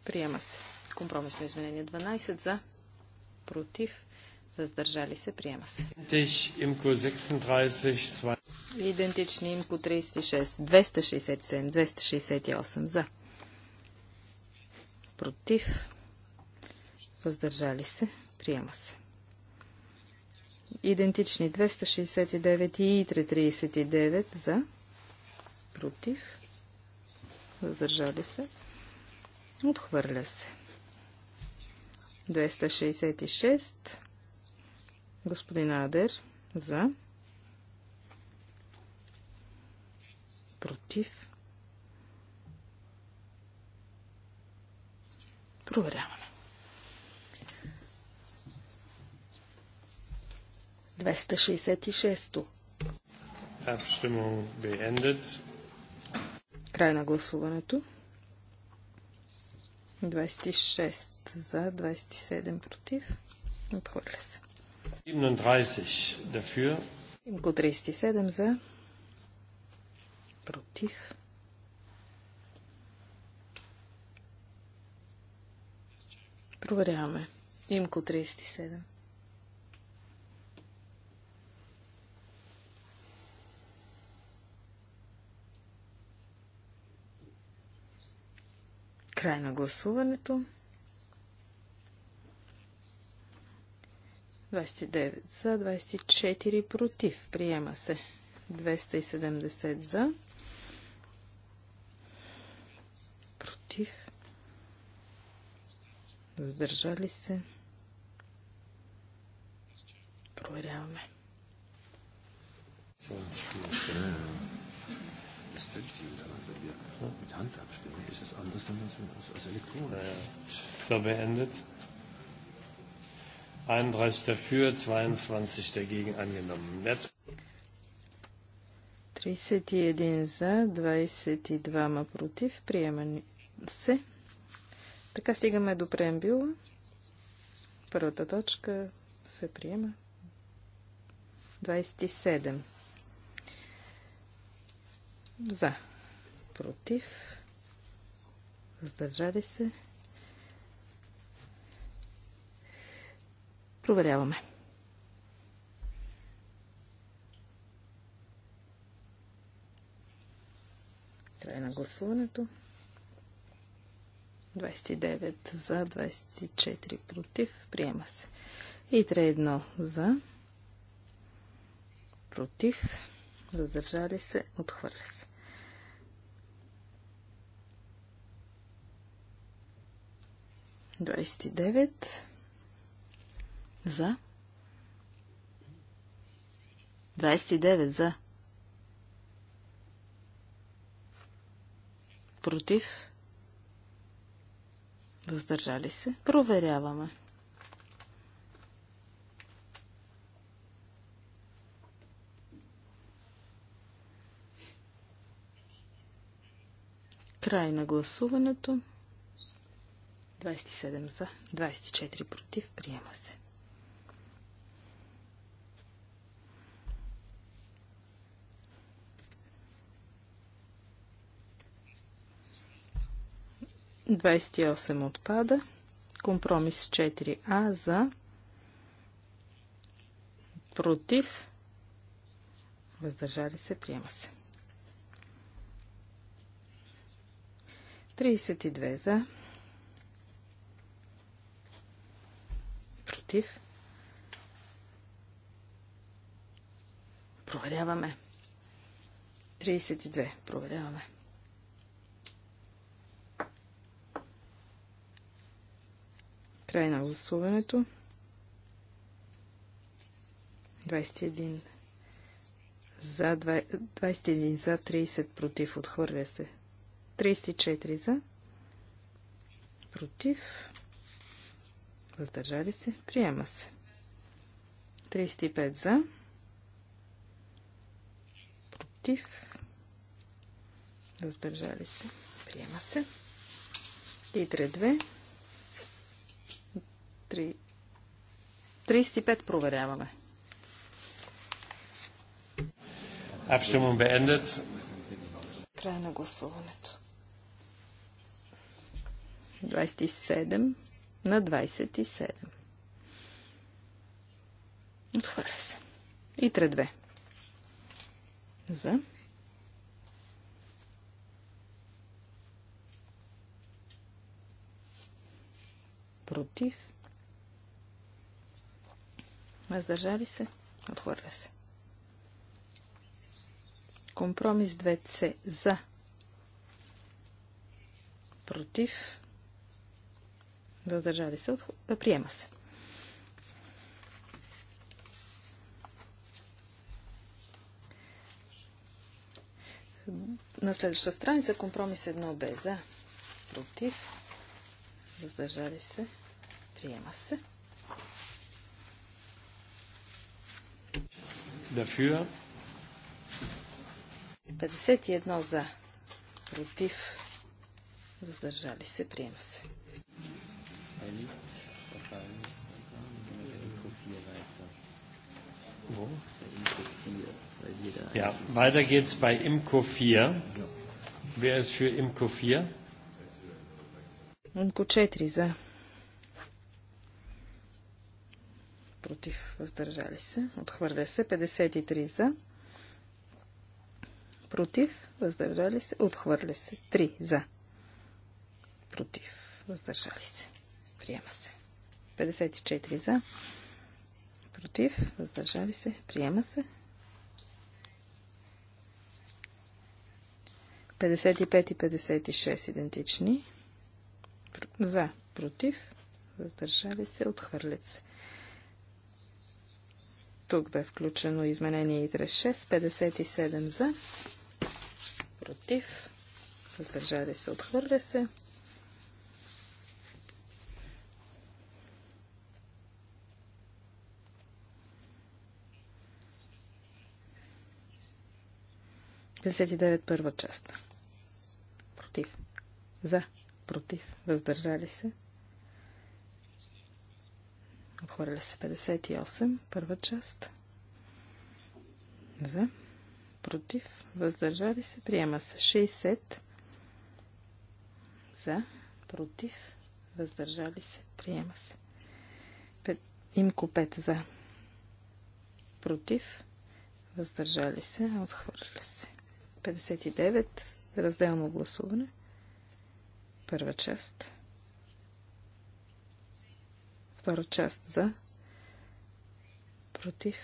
приема се. Компромисно изменение 12 за, против, въздържали се, приема се. Идентични имко 36, 267, 268 за, против, въздържали се, приема се идентични 269 и 339 за, против, Задържали се, отхвърля се. 266, господин Адер, за, против, проверяваме. 266 Край на гласуването. 26 за, 27 против. Отхвърля се. 37 dafür. Имко 37 за. Против. Проверяваме. Имко 37. Край на гласуването. 29 за, 24 против. Приема се. 270 за. Против. Въздържали се. Проверяваме. Sounds from the Mit Handabstimmung ist es anders, wenn man es als elektronisch. So beendet. 31 dafür, 22 dagegen angenommen. Net 31 за, 22 против. Приемани се. Така стигаме до преамбюла. Първата точка се приема. 27. За против, въздържали се. Проверяваме. Край на гласуването. 29 за, 24 против. Приема се. И 31 за, против, въздържали се, отхвърля се. 29 за. 29 за. Против. Въздържали се. Проверяваме. Край на гласуването. 27 за, 24 против, приема се. Двадесет и осем отпада. Компромис 4А за против въздържали се, приема се. 32 за против. Проверяваме. 32. Проверяваме. Край на гласуването. 21 за, 21 за, 30 против. Отхвърля се. 34 за, против. Въздържали се. Приема се. 35 за. Против. Въздържали се. Приема се. И 3-2. 35 проверяваме. Abstimmung beendet. Край на гласуването. 27 на 27. Отхвърля се. И тре две. За. Против. Въздържали се. Отхвърля се. Компромис 2C. За. Против. Въздържали се. От... Е, приема се. На следваща страница компромис 1 бе за, против, въздържали се, приема се. Дафюа. 51 за, против, въздържали се, приема се. Wo? Ja, weiter geht's bei Imco 4. Wer ist für Imco 4? Имко 4 за. Против въздържали се. Отхвърля се. 53 за. Против въздържали се. Отхвърля се. 3 за. Против въздържали се. Приема се. 54 за. Против. Въздържали се. Приема се. 55 и 56 идентични. За. Против. Въздържали се. Отхвърлят се. Тук бе включено изменение и 36. 57 за. Против. Въздържали се. Отхвърля се. 59 първа част. Против. За. Против. Въздържали се. Отхвърля се 58 първа част. За. Против. Въздържали се. Приема се 60. За. Против. Въздържали се. Приема се. Имко 5 за. Против. Въздържали се. Отхвърля се. 59. Разделно гласуване. Първа част. Втора част за. Против.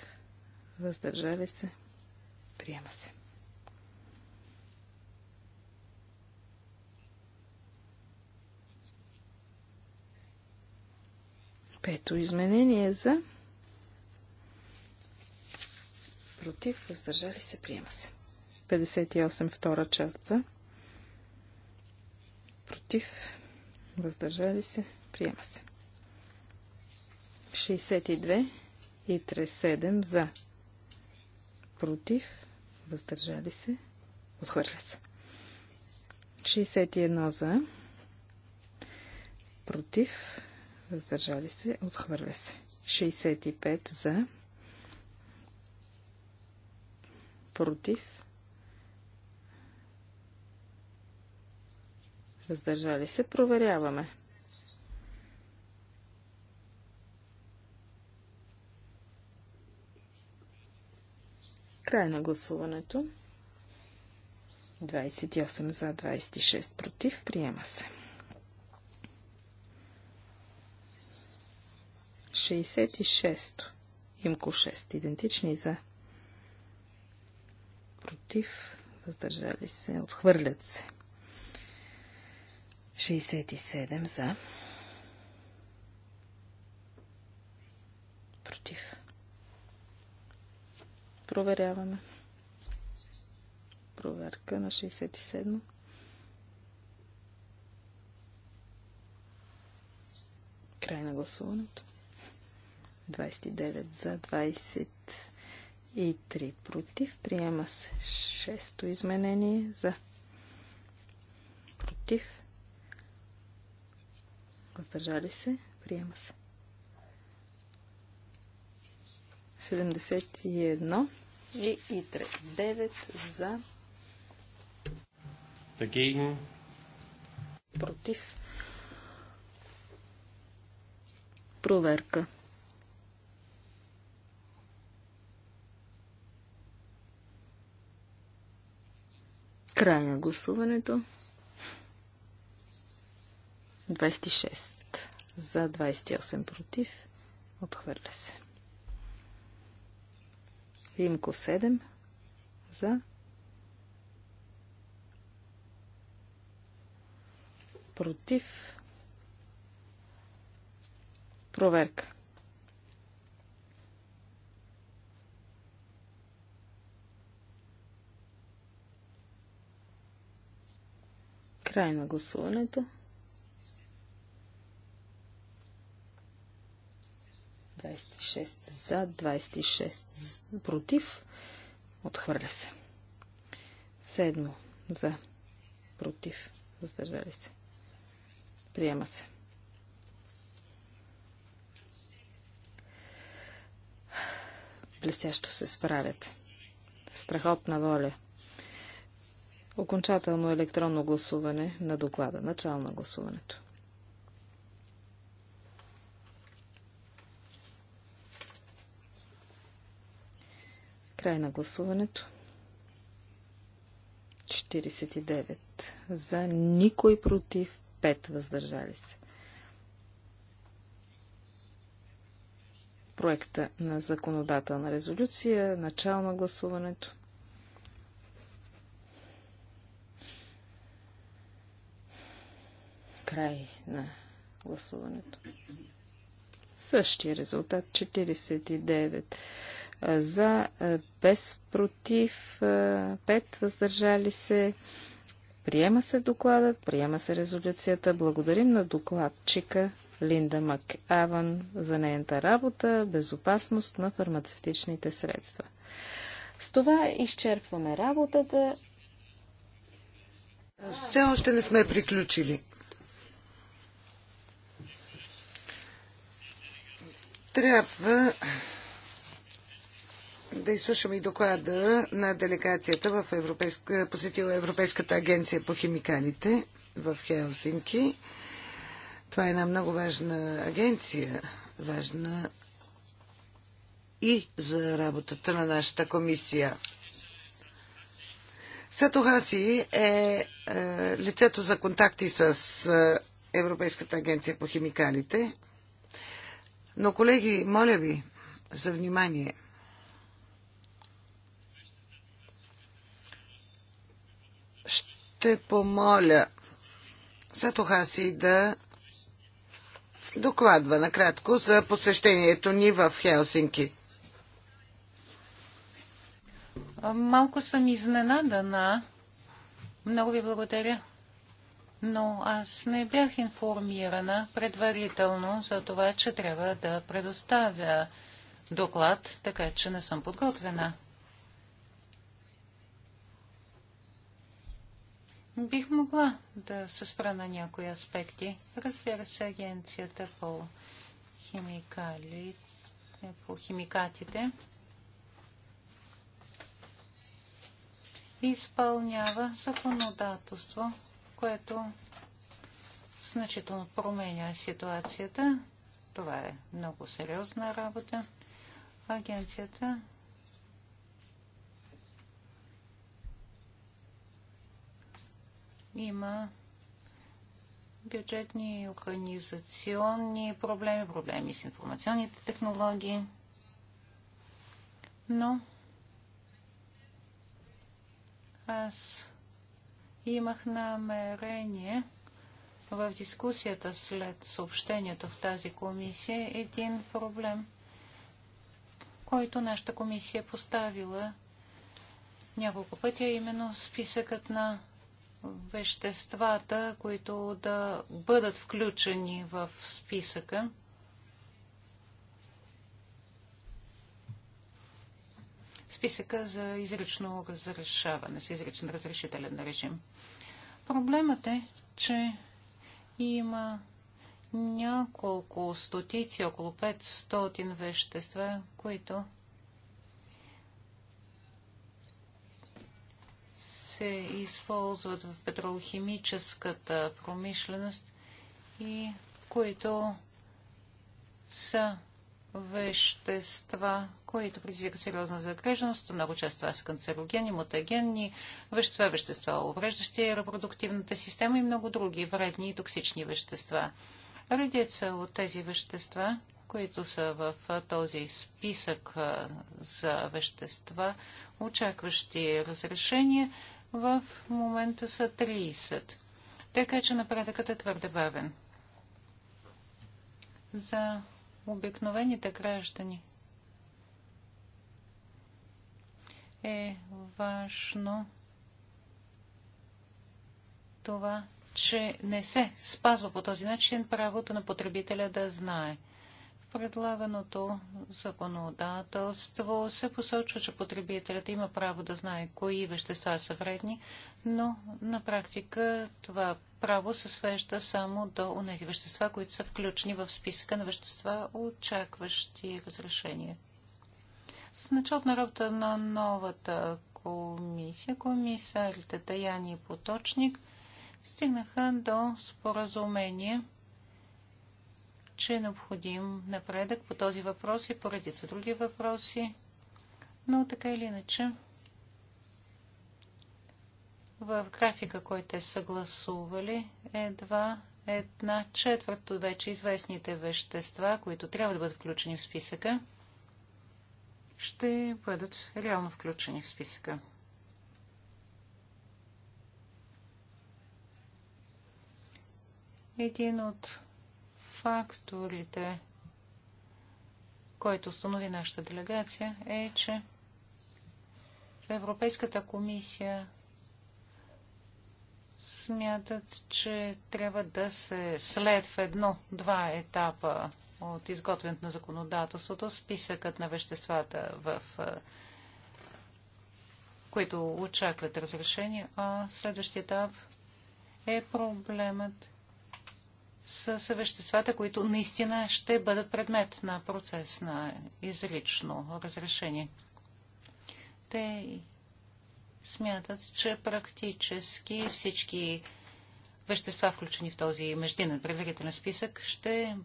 Въздържали се. Приема се. Пето изменение за против, въздържали се, приема се. 58 втора част за. Против. Въздържали се. Приема се. 62 и 37 за. Против. Въздържали се. Отхвърля се. 61 за. Против. Въздържали се. Отхвърля се. 65 за. Против Въздържали се. Проверяваме. Край на гласуването. 28 за, 26 против. Приема се. 66. Имко 6. Идентични за. Против. Въздържали се. Отхвърлят се. 67 за. Против. Проверяваме. Проверка на 67. Край на гласуването. 29 за 23 против. Приема се 6 изменение за против. Въздържали се. Приема се. 71 и ИТРЕ 9 за. Dagegen. Против. Проверка. Край на гласуването. 26 за 28 против. Отхвърля се. Римко 7 за против. Проверка. Край на гласуването. 26 за, 26 против. Отхвърля се. Седмо за, против. Въздържали се. Приема се. Блестящо се справят. Страхотна воля. Окончателно електронно гласуване на доклада. Начало на гласуването. Край на гласуването. 49 за, никой против, 5 въздържали се. Проекта на законодателна резолюция, начало на гласуването. Край на гласуването. Същия резултат 49 за, е, без против, 5 е, въздържали се. Приема се докладът, приема се резолюцията. Благодарим на докладчика Линда МакАван за нейната работа, безопасност на фармацевтичните средства. С това изчерпваме работата. Все още не сме приключили. Трябва да изслушаме и доклада на делегацията в Европейска, посетила Европейската агенция по химикалите в Хелсинки. Това е една много важна агенция, важна и за работата на нашата комисия. Сато Хаси е, е лицето за контакти с е, Европейската агенция по химикалите. Но, колеги, моля ви за внимание – ще помоля за това си да докладва накратко за посещението ни в Хелсинки. Малко съм изненадана. Много ви благодаря. Но аз не бях информирана предварително за това, че трябва да предоставя доклад, така че не съм подготвена. Бих могла да се спра на някои аспекти. Разбира се, агенцията по химикали, по химикатите изпълнява законодателство, което значително променя ситуацията. Това е много сериозна работа. Агенцията Има бюджетни, организационни проблеми, проблеми с информационните технологии. Но аз имах намерение в дискусията след съобщението в тази комисия един проблем, който нашата комисия е поставила няколко пъти, а именно списъкът на веществата, които да бъдат включени в списъка. Списъка за изрично разрешаване, с изричен разрешителен режим. Проблемът е, че има няколко стотици, около 500 вещества, които се използват в петрохимическата промишленост и които са вещества, които предизвикат сериозна загреженост. Много често това са канцерогени, мутагенни вещества, вещества, увреждащи репродуктивната система и много други вредни и токсични вещества. Редица от тези вещества, които са в този списък за вещества, очакващи разрешение, в момента са 30. Така че напредъкът е твърде бавен. За обикновените граждани е важно това, че не се спазва по този начин правото на потребителя да знае – предлаганото законодателство се посочва, че потребителят има право да знае кои вещества са вредни, но на практика това право се свежда само до тези вещества, които са включени в списъка на вещества, очакващи разрешение. С началото на работа на новата комисия, комисарите Таяни и Поточник стигнаха до споразумение – че е необходим напредък по този въпрос и поради са други въпроси, но така или иначе в графика, който е съгласували, едва една четвърт от вече известните вещества, които трябва да бъдат включени в списъка, ще бъдат реално включени в списъка. Един от факторите, който установи нашата делегация, е, че Европейската комисия смятат, че трябва да се след в едно-два етапа от изготвянето на законодателството списъкът на веществата, в които очакват разрешение, а следващия етап е проблемът са веществата, които наистина ще бъдат предмет на процес на изрично разрешение. Те смятат, че практически всички вещества, включени в този междинен предварителен списък, ще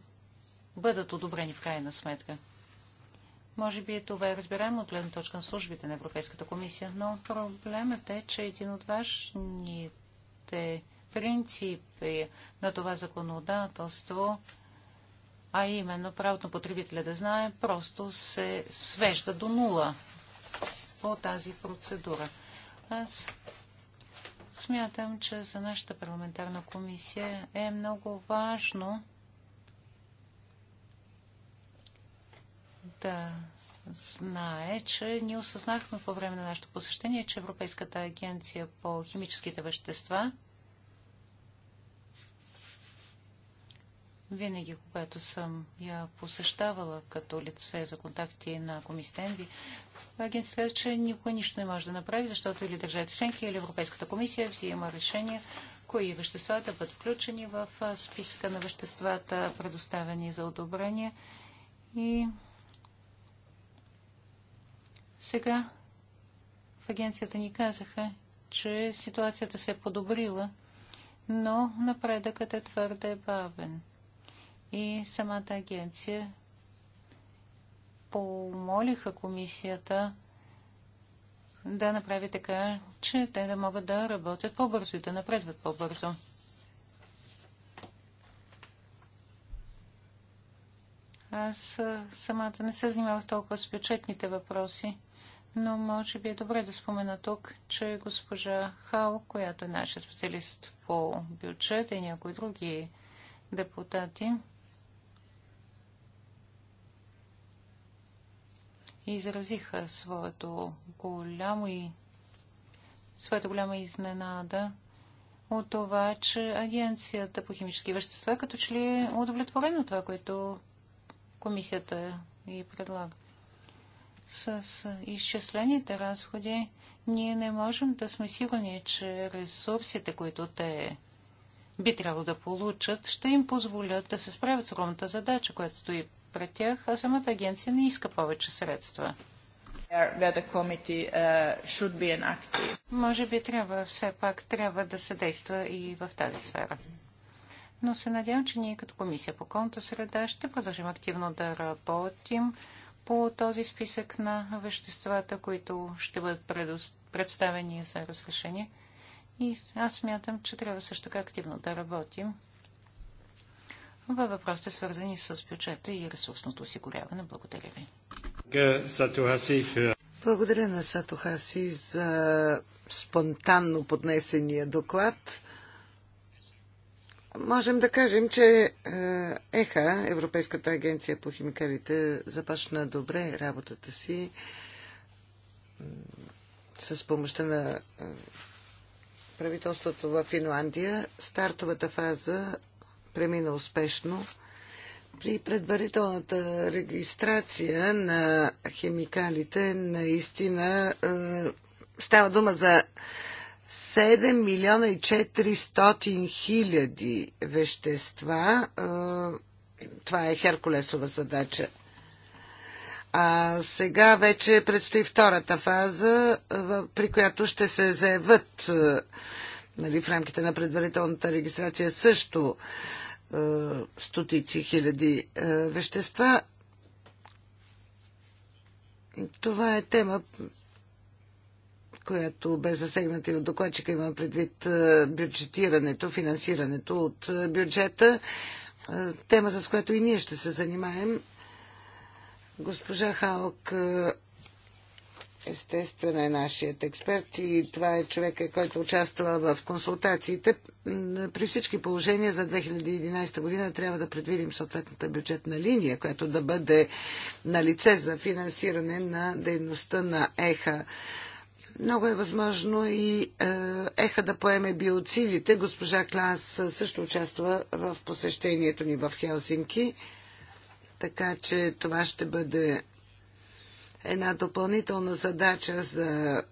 бъдат одобрени в крайна сметка. Може би това е разбираемо от гледна точка на службите на Европейската комисия, но проблемът е, че един от важните принципи на това законодателство, а именно правото на потребителя да знае, просто се свежда до нула по тази процедура. Аз смятам, че за нашата парламентарна комисия е много важно да знае, че ние осъзнахме по време на нашето посещение, че Европейската агенция по химическите вещества Винаги, когато съм я посещавала като лице за контакти на комистенди, агенцията каза, че никой нищо не може да направи, защото или държавите членки, или Европейската комисия взима решение кои вещества да бъдат включени в списка на веществата, предоставени за одобрение. И сега в агенцията ни казаха, че ситуацията се е подобрила, но напредъкът е твърде бавен и самата агенция помолиха комисията да направи така, че те да могат да работят по-бързо и да напредват по-бързо. Аз самата не се занимавах толкова с бюджетните въпроси, но може би е добре да спомена тук, че госпожа Хао, която е наша специалист по бюджет и някои други депутати, изразиха своето голямо и своята голяма изненада от това, че Агенцията по химически вещества като че ли е това, което комисията и предлага. С изчислените разходи ние не можем да сме сигурни, че ресурсите, които те би трябвало да получат, ще им позволят да се справят с огромната задача, която стои пред тях, а самата агенция не иска повече средства. Uh, Може би трябва, все пак трябва да се действа и в тази сфера. Но се надявам, че ние като Комисия по конта среда ще продължим активно да работим по този списък на веществата, които ще бъдат представени за разрешение. И аз смятам, че трябва също така активно да работим във въпросите свързани с бюджета и ресурсното осигуряване. Благодаря ви. Благодаря на Сато Хаси за спонтанно поднесения доклад. Можем да кажем, че е, ЕХА, Европейската агенция по химикалите, започна добре работата си с помощта на е, правителството в Финландия. Стартовата фаза премина успешно. При предварителната регистрация на химикалите наистина е, става дума за 7 милиона и 400 хиляди вещества. Е, това е Херкулесова задача. А сега вече предстои втората фаза, е, при която ще се заявят е, нали, в рамките на предварителната регистрация също е, стотици хиляди е, вещества. Това е тема, която бе засегната и от докладчика, има предвид е, бюджетирането, финансирането от бюджета. Тема, с която и ние ще се занимаем. Госпожа Халк естествено е нашият експерт и това е човека, който участва в консултациите. При всички положения за 2011 година трябва да предвидим съответната бюджетна линия, която да бъде на лице за финансиране на дейността на ЕХА. Много е възможно и е, ЕХА да поеме биоцидите. Госпожа Клас също участва в посещението ни в Хелсинки. Така че това ще бъде една допълнителна задача за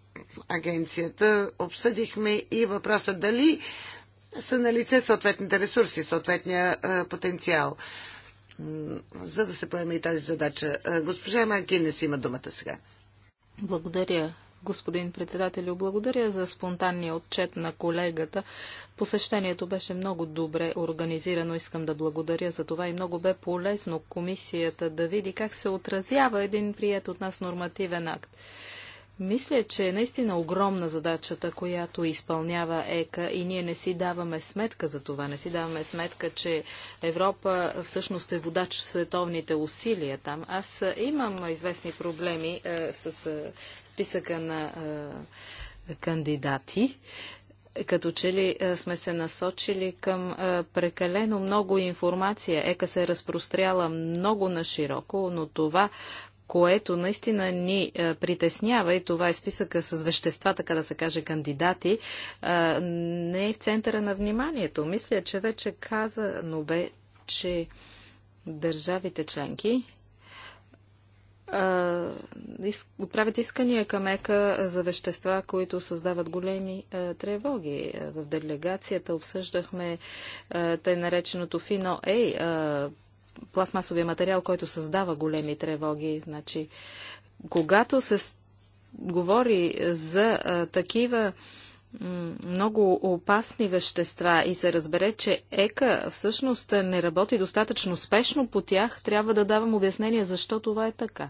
агенцията. Обсъдихме и въпроса дали са на лице съответните ресурси, съответния потенциал, за да се поеме и тази задача. Госпожа Макинес има думата сега. Благодаря, господин председател, Благодаря за спонтанния отчет на колегата. Посещението беше много добре организирано. Искам да благодаря за това и много бе полезно комисията да види как се отразява един прият от нас нормативен акт. Мисля, че е наистина огромна задачата, която изпълнява ЕКА и ние не си даваме сметка за това. Не си даваме сметка, че Европа всъщност е водач в световните усилия там. Аз имам известни проблеми е, с е, списъка на е, кандидати като че ли сме се насочили към прекалено много информация. Ека се е разпростряла много на широко, но това което наистина ни е, притеснява и това е списъка с вещества, така да се каже, кандидати, е, не е в центъра на вниманието. Мисля, че вече казано бе, че държавите членки е, отправят искания към ЕКА за вещества, които създават големи тревоги. В делегацията обсъждахме е, тъй нареченото фино Ей, пластмасовия материал, който създава големи тревоги. Значи, когато се говори за а, такива много опасни вещества и се разбере, че ЕКА всъщност не работи достатъчно спешно по тях, трябва да давам обяснение защо това е така.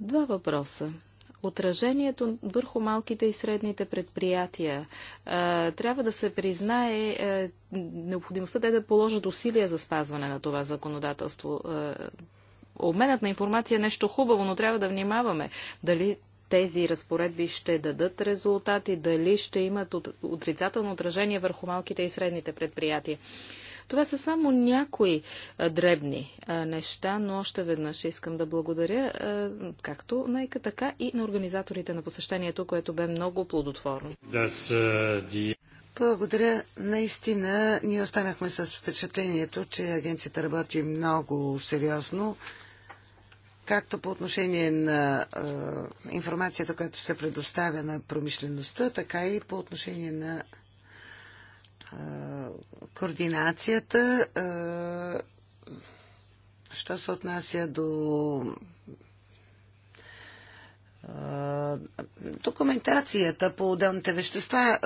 Два въпроса отражението върху малките и средните предприятия. Трябва да се признае е, необходимостта да положат усилия за спазване на това законодателство. Обменът на информация е нещо хубаво, но трябва да внимаваме дали тези разпоредби ще дадат резултати, дали ще имат отрицателно отражение върху малките и средните предприятия. Това са само някои дребни неща, но още веднъж искам да благодаря както Найка, така и на организаторите на посещението, което бе много плодотворно. Благодаря. Наистина, ние останахме с впечатлението, че агенцията работи много сериозно както по отношение на е, информацията, която се предоставя на промишлеността, така и по отношение на координацията, що се отнася до документацията по отделните вещества.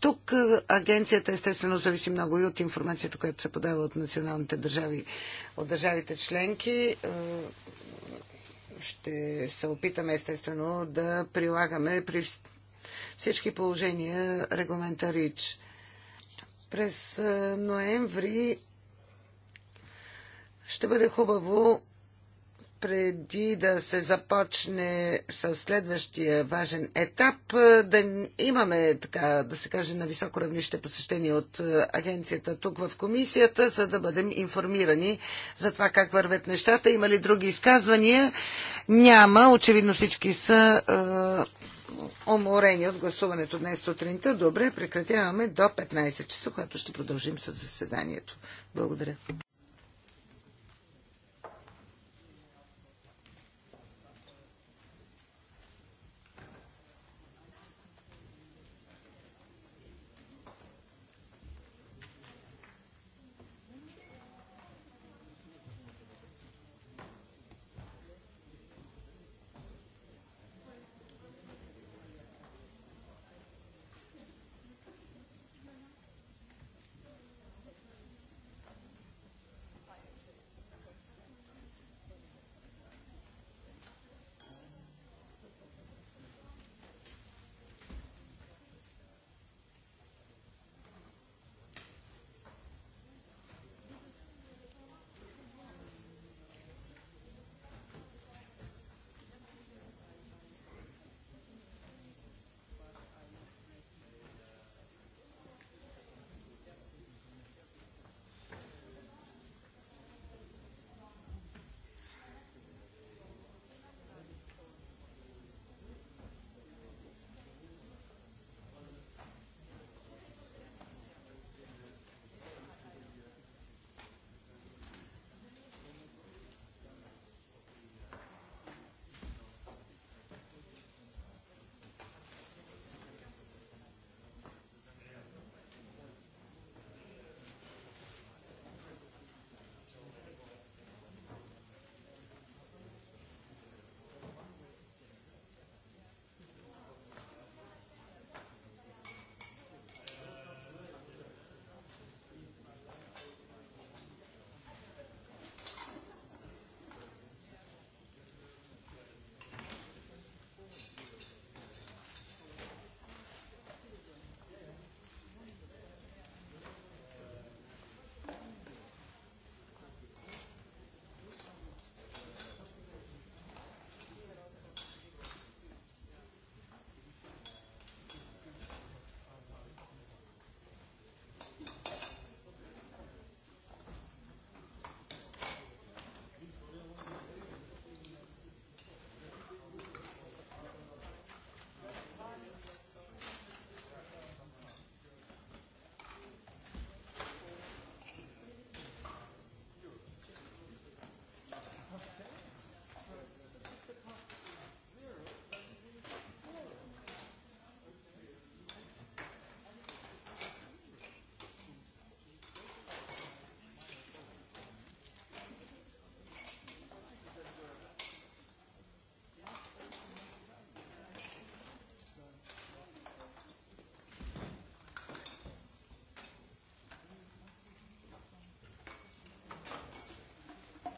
Тук агенцията естествено зависи много и от информацията, която се подава от националните държави, от държавите членки. Ще се опитаме естествено да прилагаме при всички положения регламента РИЧ. През ноември ще бъде хубаво преди да се започне с следващия важен етап, да имаме, така да се каже, на високо равнище посещение от агенцията тук в комисията, за да бъдем информирани за това как вървят нещата. Има ли други изказвания? Няма. Очевидно всички са е, уморени от гласуването днес сутринта. Добре, прекратяваме до 15 часа, когато ще продължим с заседанието. Благодаря.